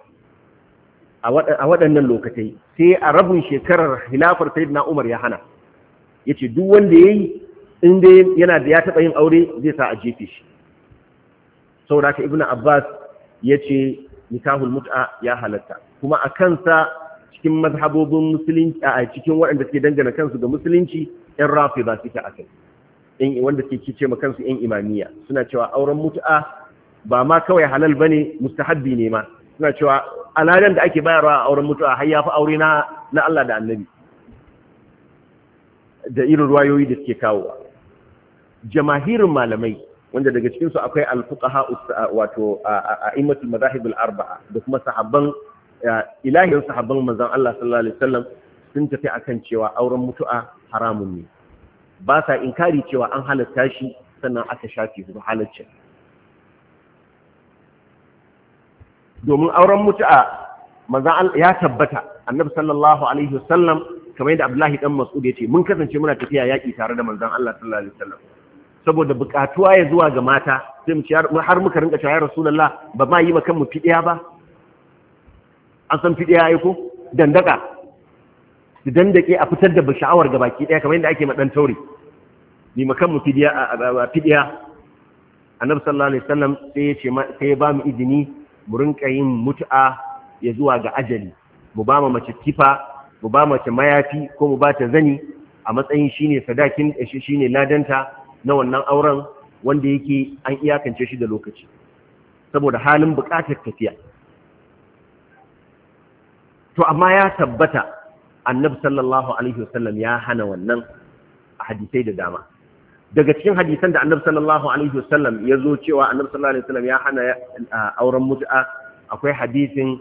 a waɗannan lokatai sai a rabin shekarar hilafar sayyidina umar ya hana ya ce duk wanda ya yi inda yana da ya taɓa yin aure zai sa a jefe shi saboda ka ibn abbas ya ce nikahul mut'a ya halatta kuma a kansa cikin mazhabobin musulunci a cikin waɗanda suke dangana kansu ga musulunci 'yan rafi ba suke a kai wanda suke ce ma kansu yan imamiya suna cewa auren mutu'a ba ma kawai halal bane mustahabbi ne ma suna cewa aladan da ake bayarwa a auren mutu'a har yafi aure na na Allah da Annabi da irin ruwayoyi da suke kawo jamahirin malamai wanda daga cikin su akwai al-fuqaha wato a'immatul madahib al-arba'a da kuma sahabban ilahin sahabban manzon Allah sallallahu alaihi wasallam sun tafi akan cewa auren mutu'a haramun ne ba sa inkari cewa an halatta shi sannan aka shafe su halaccin domin auren mutu'a manzan ya tabbata annabi sallallahu alaihi wasallam kamar yadda abdullahi dan mas'ud ya ce mun kasance muna tafiya yaƙi tare da manzan Allah sallallahu alaihi wasallam saboda buƙatuwa ya zuwa ga mata sai mu har muka rinka cewa ya rasulullah ba ma yi maka kanmu fidiya ba an san fidiya ai ko dandaka dandake a fitar da bashawar ga baki daya kamar yadda ake ma dan tauri bi makan mu fidiya a fidiya annabi sallallahu alaihi wasallam sai ya ce sai ya bamu izini mu rinka yin mut'a ya zuwa ga ajali mu ba mu mace tifa mu ba mu mace mayafi ko mu ba ta zani a matsayin shine sadakin shine ladanta na wannan auren wanda yake an iyakance shi da lokaci saboda halin bukatar tafiya to amma ya tabbata annabi sallallahu alaihi wasallam ya hana wannan hadisai da dama daga cikin hadisan da annabi sallallahu alaihi wasallam ya zo cewa annabi sallallahu alaihi wasallam ya hana auren mut'a akwai hadisin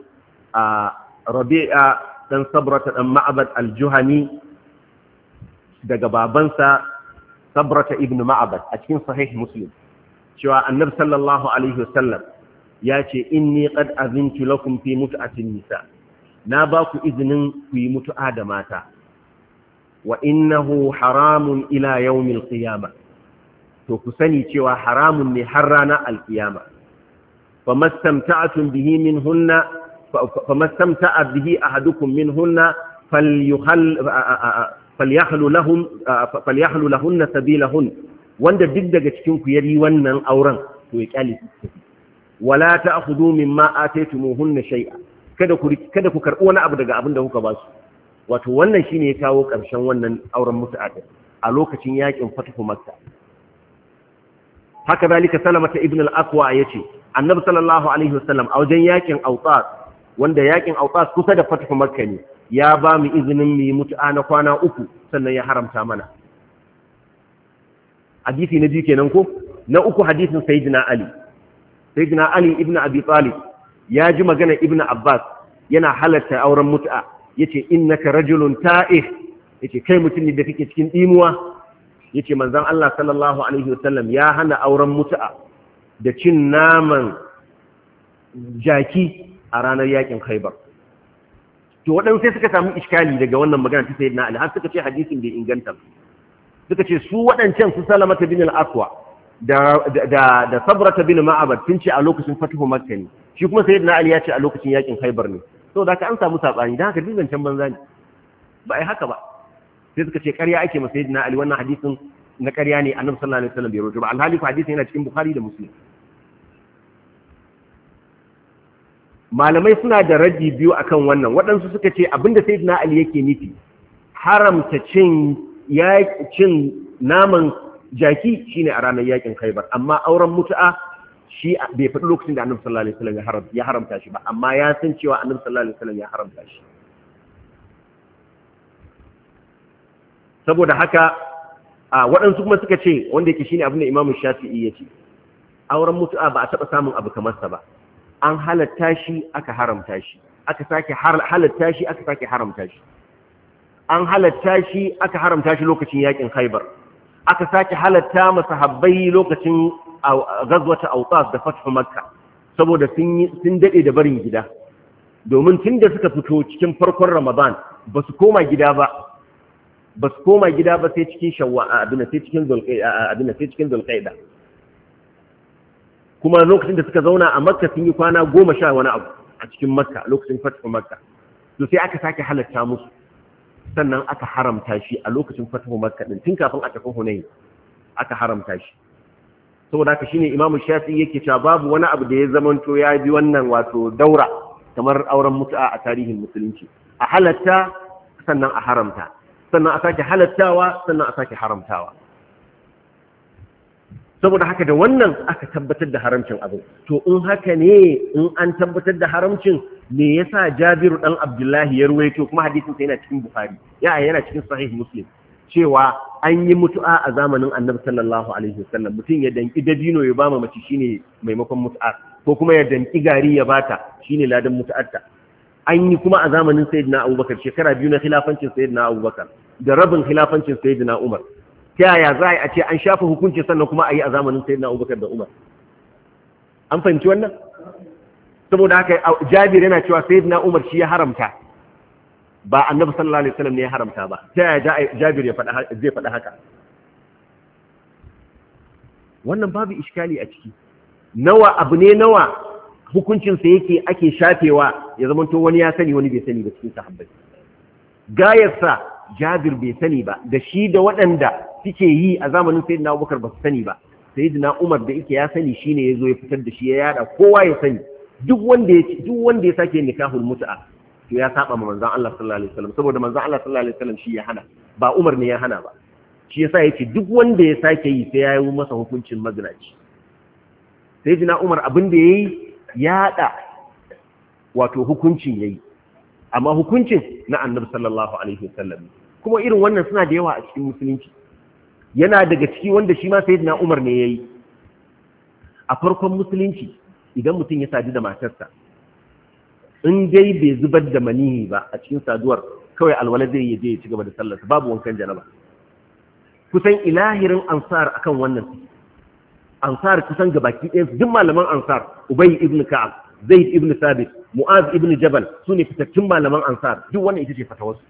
rabi'a dan sabrata dan ma'abad al-juhani daga babansa sabrata ibn ma'abad a cikin sahih muslim cewa annabi sallallahu alaihi wasallam ya ce inni qad azintu lakum fi mut'atin nisa na ba ku izinin ku yi mutu'a da mata wa innahu haramun ila yawmil qiyamah to ku sani cewa haramun ne har rana alkiyama fa mastamta'atun bihi min hunna fa mastamta'a bihi ahadukum min hunna falyahlu lahunna sabilahun wanda duk daga cikin ku wannan auren to ya kyale wala kada ku kada ku karbi wani abu daga abin da kuka basu. wato wannan shine ya kawo karshen wannan auren mutu'a a lokacin yakin fatuhu makka haka zalika salamata ibn al-aqwa yace annabi sallallahu alaihi wasallam a wajen yakin awqas wanda yakin awqas kusa da fatu makka ne ya ba mu izinin mu yi mutu'a na kwana uku sannan ya haramta mana hadisi na biyu kenan ko na uku hadisin sayyidina ali sayyidina ali ibn abi talib ya ji magana ibn abbas yana halatta auren mutu'a yace innaka rajulun ta'ih yace kai mutum ne da kake cikin dimuwa yace manzan Allah sallallahu alaihi wasallam ya hana auren mutu'a da cin naman jaki a ranar yakin haibar? to waɗansu sai suka samu iskali daga wannan magana ta sayyidina Ali har suka ce hadisin bai inganta suka ce su waɗancan su Salama ta bin al-Aswa da da Sabra ta bin Ma'abar tun ce a lokacin Fatihu Makka ne shi kuma sayyidina Ali ya ce a lokacin yakin haibar ne saboda haka an samu sabani dan haka duk zancen banza ne ba ai haka ba sai suka ce ƙarya ake ma yadda ali wannan hadisin na ƙarya ne annabi sallallahu alaihi wasallam bai rawaito ba alhali ko hadisin yana cikin bukhari da muslim malamai suna da raji biyu akan wannan waɗansu suka ce abinda sayyidina ali yake nufi haramta cin ya cin naman jaki shine a ranar yakin khaibar amma auren mutu'a shi bai faɗi lokacin da annabi sallallahu alaihi wasallam ya haramta shi ba amma ya san cewa annabi sallallahu alaihi wasallam ya haramta shi saboda haka a waɗansu kuma suka ce wanda yake shine abin da Imam Shafi'i ya ce auren mutu'a ba a taɓa samun abu kamar sa ba an halatta shi aka haramta shi aka sake halatta shi aka sake haramta shi an halatta shi aka haramta shi lokacin yakin Khaibar aka sake halatta masahabbai lokacin gazwata Autas da Fathu Makka saboda sun daɗe da barin gida domin tunda suka fito cikin farkon Ramadan basu koma gida ba ba su koma gida ba sai cikin shawwa a abin sai cikin abin sai cikin zulqaida kuma lokacin da suka zauna a makka sun yi kwana goma sha wani abu a cikin makka lokacin fatu makka to sai aka sake halatta musu sannan aka haramta shi a lokacin fatahu makka din tun kafin a tafi hunayn aka haramta shi saboda haka shine imamu shafi yake cewa babu wani abu da ya zamanto ya bi wannan wato daura kamar auren mutu'a a tarihin musulunci a halatta sannan a haramta sannan a sake halattawa sannan a sake haramtawa saboda haka da wannan aka tabbatar da haramcin abin to in haka ne in an tabbatar da haramcin me yasa Jabiru ɗan Abdullahi ya ruwaito kuma hadisin sa yana cikin Bukhari ya yana cikin sahih Muslim cewa an yi mutu'a a zamanin Annabi sallallahu alaihi wasallam mutum ya danki dabino ya bama mace shine maimakon mutu'a ko kuma ya danki gari ya bata shine ladan mutu'arta an yi kuma a zamanin sayyidina abubakar shekara biyu na khilafancin sayyidina abubakar da rabin khilafancin sayyidina umar ta yaya za a ce an shafa hukunci sannan kuma a yi a zamanin sayyidina abubakar da umar an fahimci wannan saboda haka jabir yana cewa sayyidina umar shi ya haramta ba annabi sallallahu alaihi wasallam ne ya haramta ba ta yaya jabir ya faɗa zai faɗa haka wannan babu iskali a ciki nawa abu ne nawa hukuncinsa yake ake shafewa ya to wani ya sani wani bai sani ba cikin sahabbai gayarsa jabir bai sani ba da shi da waɗanda suke yi a zamanin sayyidina abubakar ba su sani ba sayyidina umar da yake ya sani shine yazo ya fitar da shi ya yada kowa ya sani duk wanda ya duk wanda ya sake nikahul mut'a to ya saba ma manzon Allah sallallahu alaihi wasallam saboda manzon Allah sallallahu alaihi wasallam shi ya hana ba umar ne ya hana ba shi yasa yake duk wanda ya sake yi sai ya yi masa hukuncin mazinaci sayyidina umar abin da yayi Yaɗa wato hukuncin yayi amma hukuncin na annabi sallallahu alaihi wasallam kuma irin wannan suna da yawa a cikin musulunci yana daga ciki wanda shi ma sayyidina Umar ne ya yi. a farkon musulunci idan mutum ya sadu da matarsa in dai bai zubar da manihi ba a cikin saduwar kawai alwala zai yaje je ya ci gaba da sallarsa babu wankan janaba kusan ilahirin ansar akan wannan ansar kusan gabaki ɗayan duk malaman ansar ubay ibn ka'ab zaid ibn sabit mu'az ibn jabal su ne fitattun malaman ansar duk wannan ita ce fatawarsu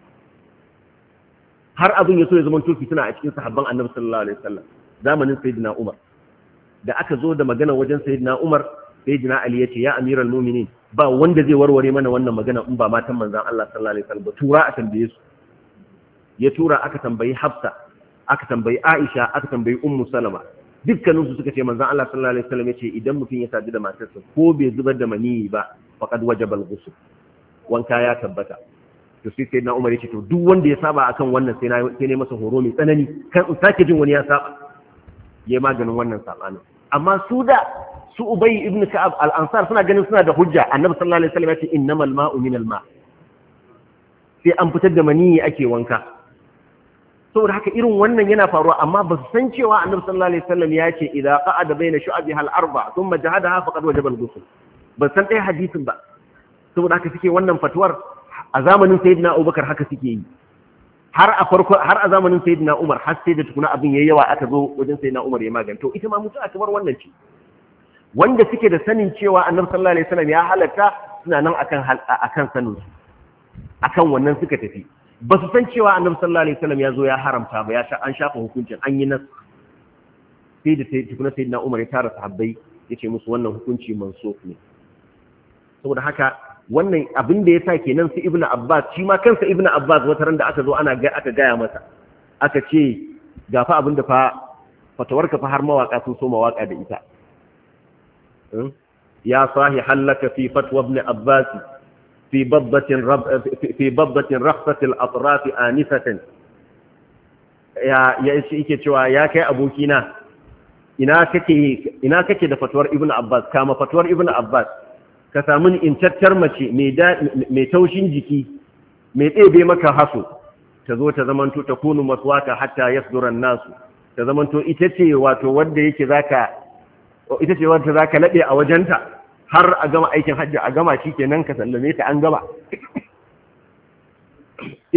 har abin ya so ya zama turki suna a cikin sahabban annabi sallallahu alaihi wasallam zamanin sayyidina umar da aka zo da magana wajen sayyidina umar sayyidina ali yace ya amiral mu'minin ba wanda zai warware mana wannan magana in ba matan manzon Allah sallallahu alaihi wasallam tura a tambaye su ya tura aka tambayi hafsa aka tambayi aisha aka tambayi ummu salama dukkaninsu suka ce manzan Allah sallallahu alaihi wasallam yace idan mutum ya sadu da matarsa ko bai zubar da maniyi ba faqad wajaba al-ghusl wanka ya tabbata to sai sai na Umar yace to duk wanda ya saba akan wannan sai na sai ne masa horo mai tsanani kan in sake jin wani ya saba yi maganin wannan sabanin amma su da su Ubay ibn Ka'ab al-Ansar suna ganin suna da hujja Annabi sallallahu alaihi wasallam yace innamal ma'u al ma' sai an fitar da maniyi ake wanka saboda haka irin wannan yana faruwa amma ba su san cewa annabi sallallahu alaihi wasallam ya ce idza qa'ada baina shu'abi hal arba thumma jahadaha faqad wajaba al-ghusl ba san ɗaya hadisin ba saboda haka suke wannan fatuwar a zamanin sayyidina Abubakar haka suke yi har a farko har a zamanin sayyidina Umar har sai da tukuna abin yayi yawa aka zo wajen sayyidina Umar ya maganto. ita ma mutu a akabar wannan ce wanda suke da sanin cewa annabi sallallahu alaihi wasallam ya halatta suna nan akan akan sanin akan wannan suka tafi ba su san cewa annabi sallallahu alaihi wasallam ya zo ya haramta ba ya an shafa hukuncin an yi nas sai da tukuna sayyidina Umar ya tara sahabbai yace musu wannan hukunci so ne saboda haka wannan abin da yasa kenan su Ibn Abbas shi ma kansa Ibn Abbas wata ran da aka zo ana aka gaya masa aka ce ga fa abin da fa fatawarka fa har mawaka sun so mawaka da ita hmm? ya sahi halaka fi fatwa ibn Abbas في بضة رب في بضة رخصة الأطراف آنفة يا يا yake cewa ya kai abokina ina kake da fatuwar ibnu abbas kama fatuwar Ibn abbas ka samu intattar mace mai taushin jiki mai tsebe maka haso ta zo ta zamanto ta kunu maswaka hatta yasduran nasu ta zamanto ita ce wato wanda yake zaka ita ce a wajenta har a gama aikin hajji a gama shi nan ka sallame ta an gama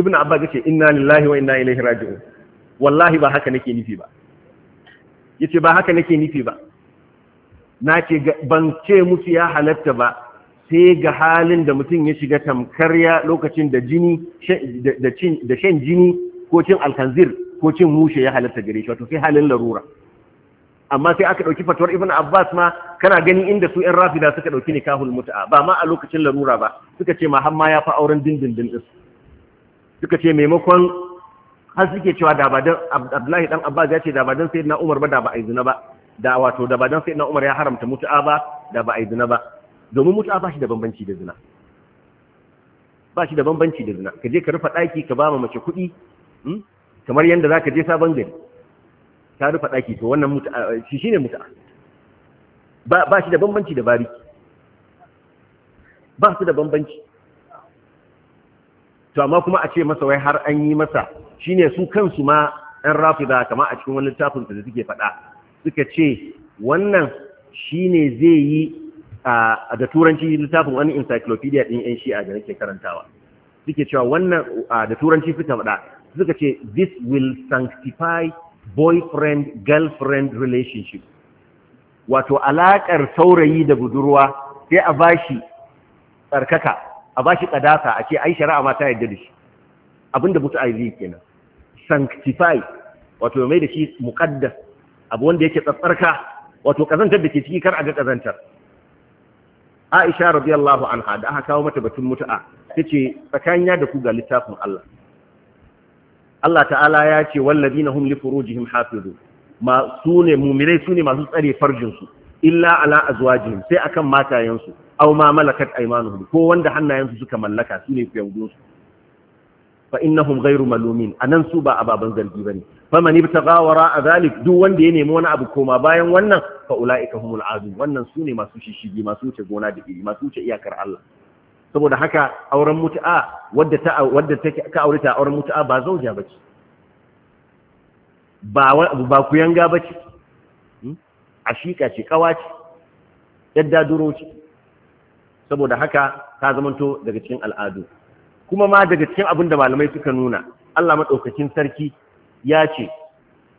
ibn abba ya ce inna lillahi wa inna ilaihi raji'un wallahi ba haka nake nufi ba yace ba haka nake nufi ba na ce ban ce musu ya halatta ba sai ga halin da mutum ya shiga tamkar ya lokacin da jini da shan jini ko cin alkanzir ko cin mushe ya halatta gare shi wato sai halin larura amma sai aka ɗauki fatuwar ibn abbas ma kana gani inda su yan rafida suka ɗauki kahul muta'a ba ma a lokacin larura ba suka ce ma har ma ya fi auren dindindin din suka ce maimakon har suke cewa da ba dan abdullahi dan abbas ya ce da ba dan na umar ba da ba aizuna ba da wato da ba dan na umar ya haramta muta'a ba da ba aizuna ba domin muta'a ba shi da bambanci da zina ba shi da bambanci da zina ka je ka rufa ɗaki ka ba ma mace kuɗi hmm? kamar yadda za ka je sabon gari ta rufa ɗaki to wannan shi shi ne mutu'a ba ba shi da bambanci da bari ba su da bambanci to amma kuma a ce masa wai har an yi masa shi ne su kansu ma ɗan ba kama a cikin wani littafin da suke faɗa suka ce wannan shi ne zai yi a da turanci littafin wani encyclopedia ɗin yan shi'a da nake karantawa suke cewa wannan da turanci suka faɗa suka ce this will sanctify boyfriend girlfriend relationship wato alaƙar saurayi da budurwa sai a bashi tsarkaka a bashi kadasa a ce ai shari'a ma ta yarda da shi abinda mutu a yi kenan sanctify wato mai da shi muqaddas abu wanda yake tsatsarka. wato kazantar da ke ciki kar a ga kazantar Aisha radiyallahu anha da aka kawo mata batun mutu'a tace tsakanya da ku ga littafin Allah Allah ta'ala ya ce wallazina hum li furujihim hafizu ma sune mu'minai sune masu tsare farjin su illa ala azwajihim sai akan matayen su aw ma malakat aymanuhum ko wanda hannayen su suka mallaka sune kuyangudun su fa innahum ghayru malumin anan su ba ababan zargi bane faman ibtaga wara azalik duk wanda ya nemi wani abu koma bayan wannan fa ulaika humul azim wannan sune masu shishigi masu wuce gona da iri masu wuce iyakar Allah saboda haka auren mutu'a wadda ta wadda take ka aure auren mutu'a ba zauja bace ba ba ku yanga bace shika ce hmm? kawa ce yadda duro ce saboda haka ta zamanto daga cikin al'adu kuma ma daga cikin abin da malamai suka nuna Allah madaukakin sarki ya ce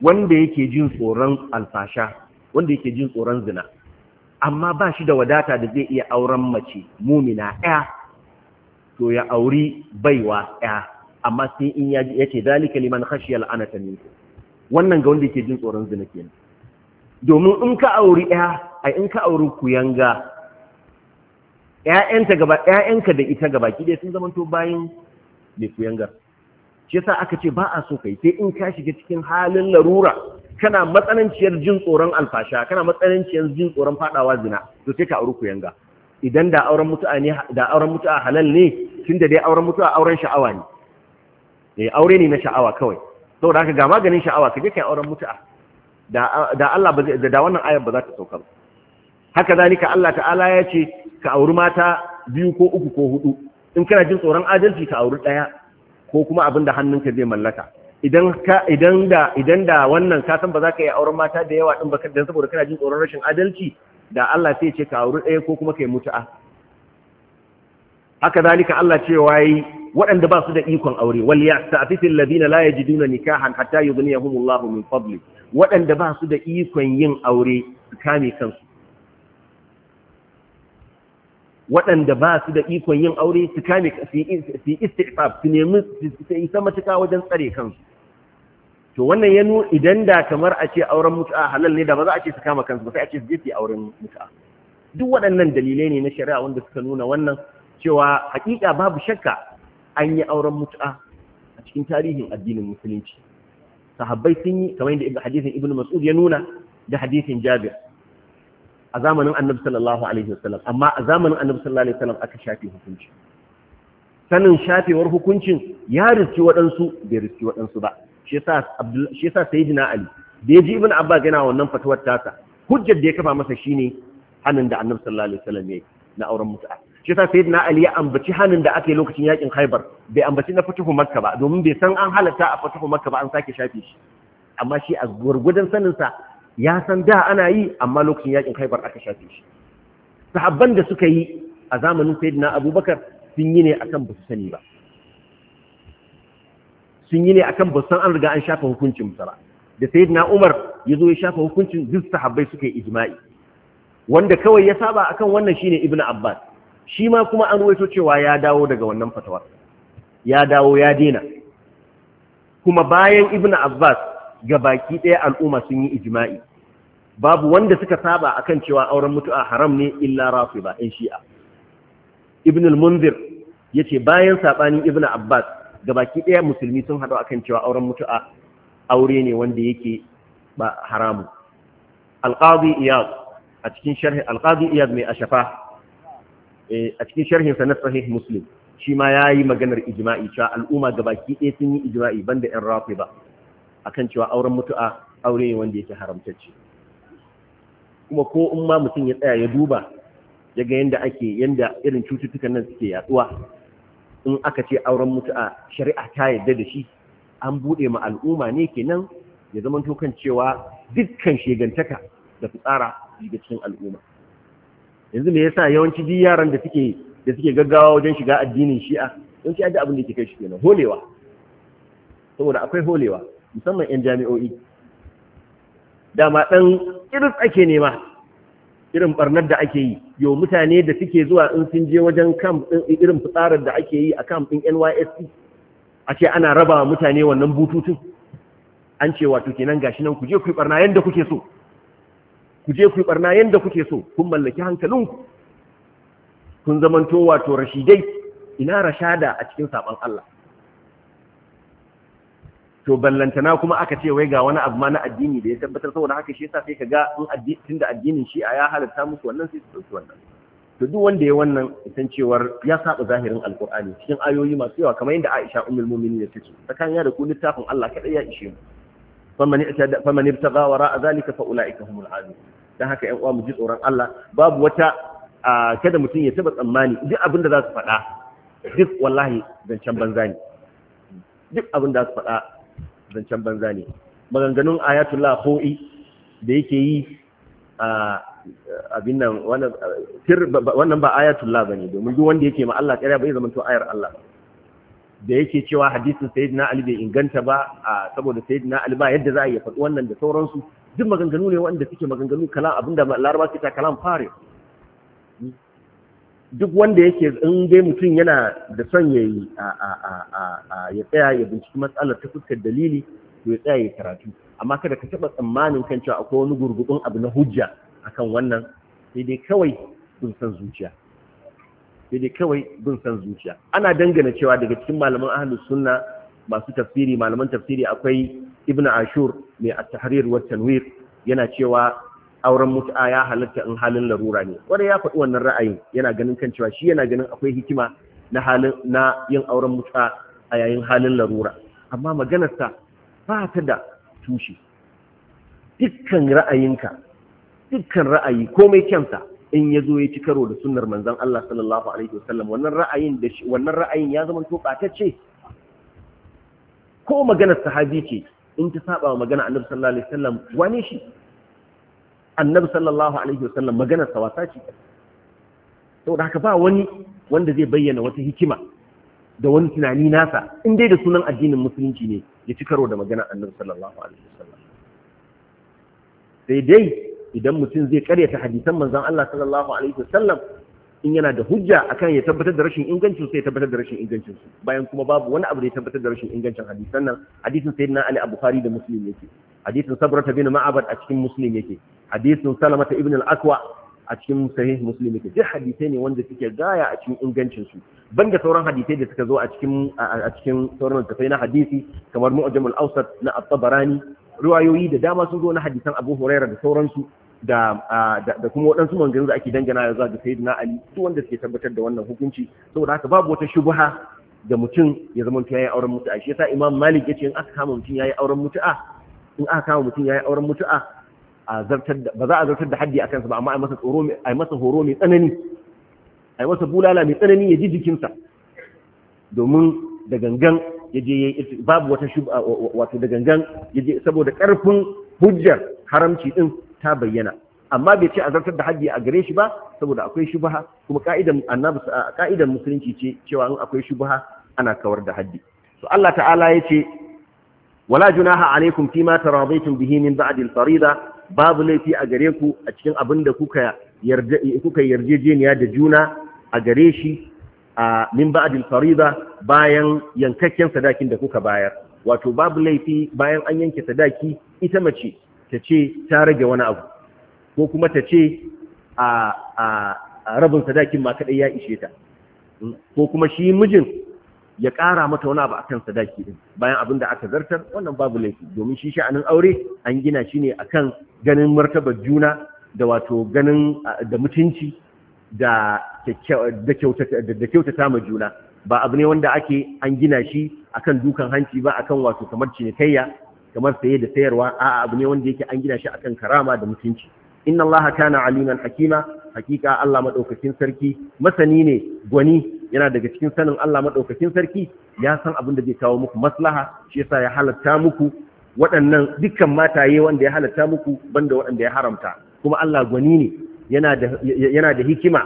wanda yake jin tsoron alfasha wanda yake jin tsoron zina amma ba shi da wadata da zai iya auren mace mumina ɗaya to ya auri baiwa ya amma sai in ya ce zalika liman khashiyal anata min wannan ga wanda yake jin tsoron zina kenan domin in ka auri ya ai in ka auri kuyanga ƴaƴanta gaba ƴaƴanka da ita gaba ki dai sun zamanto bayan mai yanga shi yasa aka ce ba a so kai sai in ka shiga cikin halin larura kana matsananciyar jin tsoron alfasha kana matsananciyar jin tsoron fadawa zina to sai ka auri kuyanga idan da auren mutu'a ne da auren mutu'a halal ne tunda dai auren mutu'a auren sha'awa ne eh aure ne na sha'awa kawai saboda haka ga maganin sha'awa kaje kai auren mutu'a da da Allah ba zai da wannan ayar ba za ta sauka ba haka zalika Allah ta'ala ya ce ka auri mata biyu ko uku ko hudu in kana jin tsoron adalci ka auri daya ko kuma abin da hannunka zai mallaka idan ka idan da idan da wannan ka san ba za ka yi auren mata da yawa din ba dan saboda kana jin tsoron rashin adalci da Allah sai ce ka auri ɗaya ko kuma kai mutu'a haka zalika Allah cewa yi waɗanda ba su da ikon aure wal yasta'fifil ladina la yajiduna nikahan hatta yughniyahumullahu min fadli waɗanda ba su da ikon yin aure su kame kansu waɗanda ba su da ikon yin aure su kame su yi istifaf su nemi su yi sama wajen tsare kansu to wannan ya nu idan da kamar a ce auren mutu'a halal ne da ba za a ce su kama kansu ba sai a ce su je auren mutu'a duk waɗannan dalilai ne na shari'a wanda suka nuna wannan cewa hakika babu shakka an yi auren mutu'a a cikin tarihin addinin musulunci sahabbai sun yi kamar yadda hadisin ibn mas'ud ya nuna da hadisin jabir a zamanin annabi sallallahu alaihi wasallam amma a zamanin annabi sallallahu alaihi wasallam aka shafe hukunci sanin shafewar hukuncin ya rufe waɗansu bai rufe waɗansu ba shi yasa sayyidina ali da ya ji ibn abbas yana wannan fatuwar tasa hujjar da ya kafa masa shine hanin da annabi sallallahu alaihi wasallam yayi na auren mutu'a shi yasa sayyidina ali ya ambaci hanin da aka yi lokacin yakin haibar bai ambaci na fatuhu makka ba domin bai san an halatta a fatuhu makka ba an sake shafe shi amma shi a gurgudan sanin sa ya san da ana yi amma lokacin yakin haibar aka shafe shi sahabban da suka yi a zamanin sayyidina abubakar sun yi ne akan basu sani ba sun yi ne akan kan san an riga an shafa hukuncin musara. da na Umar ya zo ya shafa hukuncin duk sahabbai suka yi ijima'i. wanda kawai ya saba a kan wannan shine Ibn Abbas shi ma kuma an ruwaito cewa ya dawo daga wannan fatawar. ya dawo ya dena kuma bayan Ibn Abbas ga baki ɗaya al'umma sun yi ijima'i. babu wanda suka saba akan cewa auren mutu'a haram ne illa rafi ba in shi'a Ibn al-Munzir ce bayan saɓanin Ibn Abbas gabaki ɗaya musulmi sun haɗu akan cewa auren mutu'a aure ne wanda yake ba haramu alqadi iyad a cikin sharhi alqadi iyad mai ashafa eh, a cikin sharhin sa na sahih muslim shi ma yayi maganar ijma'i cewa al'umma gabaki ɗaya sun yi ijma'i banda yan rafida akan cewa auren mutu'a aure ne wanda yake haramtacce kuma ko in ma mutum ya tsaya ya duba yaga yanda ake yanda irin cututtukan nan suke yaduwa in aka ce auren mutu'a shari'a ta yadda da shi an buɗe ma al'umma ne kenan ya zama kan cewa dukkan shegantaka da fitsara daga cikin al'umma yanzu me yasa yawanci ji yaran da suke da suke gaggawa wajen shiga addinin shi'a yawanci adda abin da ke kai shi kenan holewa saboda akwai holewa musamman yan jami'o'i dama dan irin tsake nema irin barnar da ake yi yo mutane da suke zuwa in sun je wajen camp din irin fitsarar da ake yi a camp din NYSC a ce ana raba mutane wannan bututun an ce wato kenan gashi nan ku je ku barna yanda kuke so ku je ku barna yanda kuke so kun mallaki hankalinku kun zamanto wato rashidai ina rashada a cikin saban Allah to ballantana kuma aka ce wai ga wani abu ma na addini da ya tabbatar saboda haka shi yasa sai ka ga in tunda addinin shi a ya halatta musu wannan sai su dauki wannan to duk wanda ya wannan san cewar ya saba zahirin alqur'ani cikin ayoyi masu yawa kamar yadda Aisha ummul mu'minin ta ce tsakanin ya da ku littafin Allah kada ya ishe mu faman ibtada faman ibtaga wara zalika fa ulaika humul adun dan haka ƴan uwa mu ji tsoron Allah babu wata kada mutum ya taba tsammani duk abin da za su faɗa duk wallahi zancen banza ne duk abin da za su faɗa zancen banza ne maganganun ayatullah ho'i da yake yi a abin nan wannan ba ayatullah ba ne domin duk wanda yake ma Allah ƙarya bai zama to ayar Allah da yake cewa hadisin sayyidina Ali bai inganta ba saboda sayyidina Ali ba yadda za a yi faɗi wannan da sauransu duk maganganu ne wanda suke maganganu kalam abinda laraba suke ta kalam fare duk wanda yake in dai mutum yana da son ya yi ya tsaya ya binciki matsalar ta fuskar dalili to ya tsaya ya karatu amma kada ka taɓa tsammanin kan cewa akwai wani gurgudun abu na hujja akan wannan sai dai kawai bin san zuciya sai dai kawai bin san zuciya ana dangana cewa daga cikin malaman ahlus sunna masu tafsiri malaman tafsiri akwai ibnu ashur mai at-tahrir wa tanwir yana cewa auren mutu'a ya halatta in halin larura ne wanda ya faɗi wannan ra'ayin yana ganin kan cewa shi yana ganin akwai hikima na halin na yin auren mutu'a a yayin halin larura amma maganarsa ba ta da tushe dukkan ra'ayinka dukkan ra'ayi komai kyansa in ya zo ya ci karo da sunnar manzon Allah sallallahu alaihi wasallam wannan ra'ayin da wannan ra'ayin ya zama to ko maganar sahabi ce in ta saba magana annabi sallallahu alaihi wasallam wane shi annabi sallallahu alaihi wasallam maganar sa wasa ce saboda haka ba wani wanda zai bayyana wata hikima da wani tunani nasa in dai da sunan addinin musulunci ne ya ci karo da maganar annabi sallallahu alaihi wasallam sai dai idan mutum zai karyata hadisan manzon Allah sallallahu alaihi wasallam in yana da hujja akan ya tabbatar da rashin ingancin sai ya tabbatar da rashin ingancin su bayan kuma babu wani abu da ya tabbatar da rashin ingancin hadisan nan hadisin sayyidina Ali a Bukhari da Muslim yake hadisin Sabrata bin Ma'abad a cikin Muslim yake hadisin salamata ibn al-akwa a cikin sahih muslim ke duk hadisai ne wanda suke gaya a cikin ingancin su banda sauran hadisai da suka zo a cikin a cikin sauran tafai na hadisi kamar mu'jam al-awsat na at-tabarani riwayoyi da dama sun zo na hadisan Abu Hurairah da sauransu da da kuma waɗansu manzanni da ake dangana da ga sayyidina Ali su wanda suke tabbatar da wannan hukunci saboda haka babu wata shubha da mutum ya zama ya yi auren mutu'a shi yasa Imam Malik yace in aka kama mutum yayi auren mutu'a in aka kama mutum yayi auren mutu'a ba za a zartar da haddi a kansa ba amma a masa tsoro masa horo mai tsanani ai masa bulala mai tsanani ya ji jikinsa domin da gangan ya je babu wata shuba wato da gangan ya je saboda karfin hujjar haramci din ta bayyana amma bai ce a zartar da haddi a gare shi ba saboda akwai shubha kuma ka'idan annabi ka'idan musulunci ce cewa in akwai shubha ana kawar da haddi to Allah ta'ala yace wala junaha alaikum fima taradaytum bihi min ba'd al-farida babu laifi a gare ku a cikin abin da kuka yarjejeniya da juna a gare shi a min ba'dil fariza bayan yankakken sadakin da kuka bayar wato babu laifi bayan an yanke sadaki ita mace ta ce ta rage wani abu ko kuma ta ce a rabin sadakin ma kaɗai ya ishe ta hmm, ko kuma shi mijin ya ƙara mata wani abu akan sadaki ɗin bayan abin da aka zartar wannan babu laifi domin shi sha'anin aure an gina shi ne akan ganin martabar juna da wato ganin da mutunci da kyautata ma juna ba abu ne wanda ake an gina shi akan dukan hanci ba akan wato kamar cinikayya kamar saye da sayarwa a abu ne wanda yake an gina shi akan karama da mutunci inna allaha kana aliman hakima hakika Allah maɗaukakin sarki masani ne gwani yana daga cikin sanin Allah maɗaukakin sarki ya san abin da zai kawo muku maslaha shi yasa ya halatta muku waɗannan dukkan mataye wanda ya halatta muku banda waɗanda ya haramta kuma Allah gwani ne yana da yana da hikima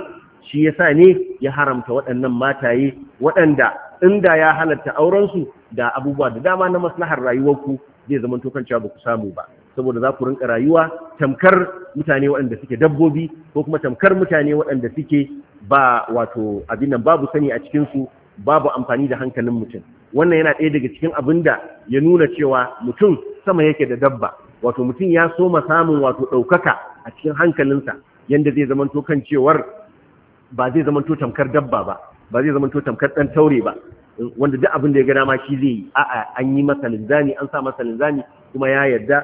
shi yasa ne ya haramta waɗannan mataye waɗanda inda ya halatta auren su da abubuwa da dama na maslahar rayuwarku zai zama to kan ba ku samu ba saboda za ku rinka rayuwa tamkar mutane waɗanda suke dabbobi ko kuma tamkar mutane waɗanda suke ba wato abin nan babu sani a cikinsu babu amfani da hankalin mutum wannan yana ɗaya daga cikin abin da ya nuna cewa mutum sama yake da dabba wato mutum ya soma samun wato ɗaukaka a cikin hankalinsa yanda zai zamanto kan cewar ba zai zamanto tamkar dabba ba ba zai zamanto tamkar ɗan taure ba wanda duk abin da ya ga dama shi zai yi a'a an yi masa linzami an sa masa linzami kuma ya yarda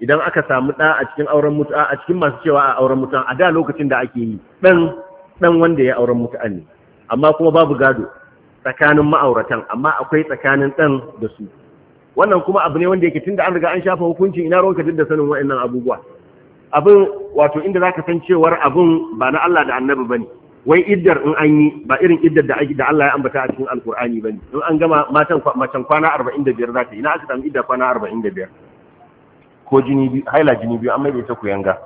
idan aka samu ɗa a cikin auren mutu'a a cikin masu cewa a auren mutu'a a da lokacin da ake yi ɗan ɗan wanda ya auren mutu'a ne amma kuma babu gado tsakanin ma'auratan amma akwai tsakanin ɗan da su wannan kuma abu ne wanda yake tunda an riga an shafa hukuncin ina ruwanka duk da sanin wa'annan abubuwa abin wato inda zaka san cewar abin ba na Allah da Annabi bane wai iddar in an yi ba irin iddar da ake da Allah ya ambata a cikin Alkur'ani bane in an gama matan macen kwana 45 za ta yi na aka samu iddar kwana 45 ko jini biyu haila jini biyu an mai ita ku yanga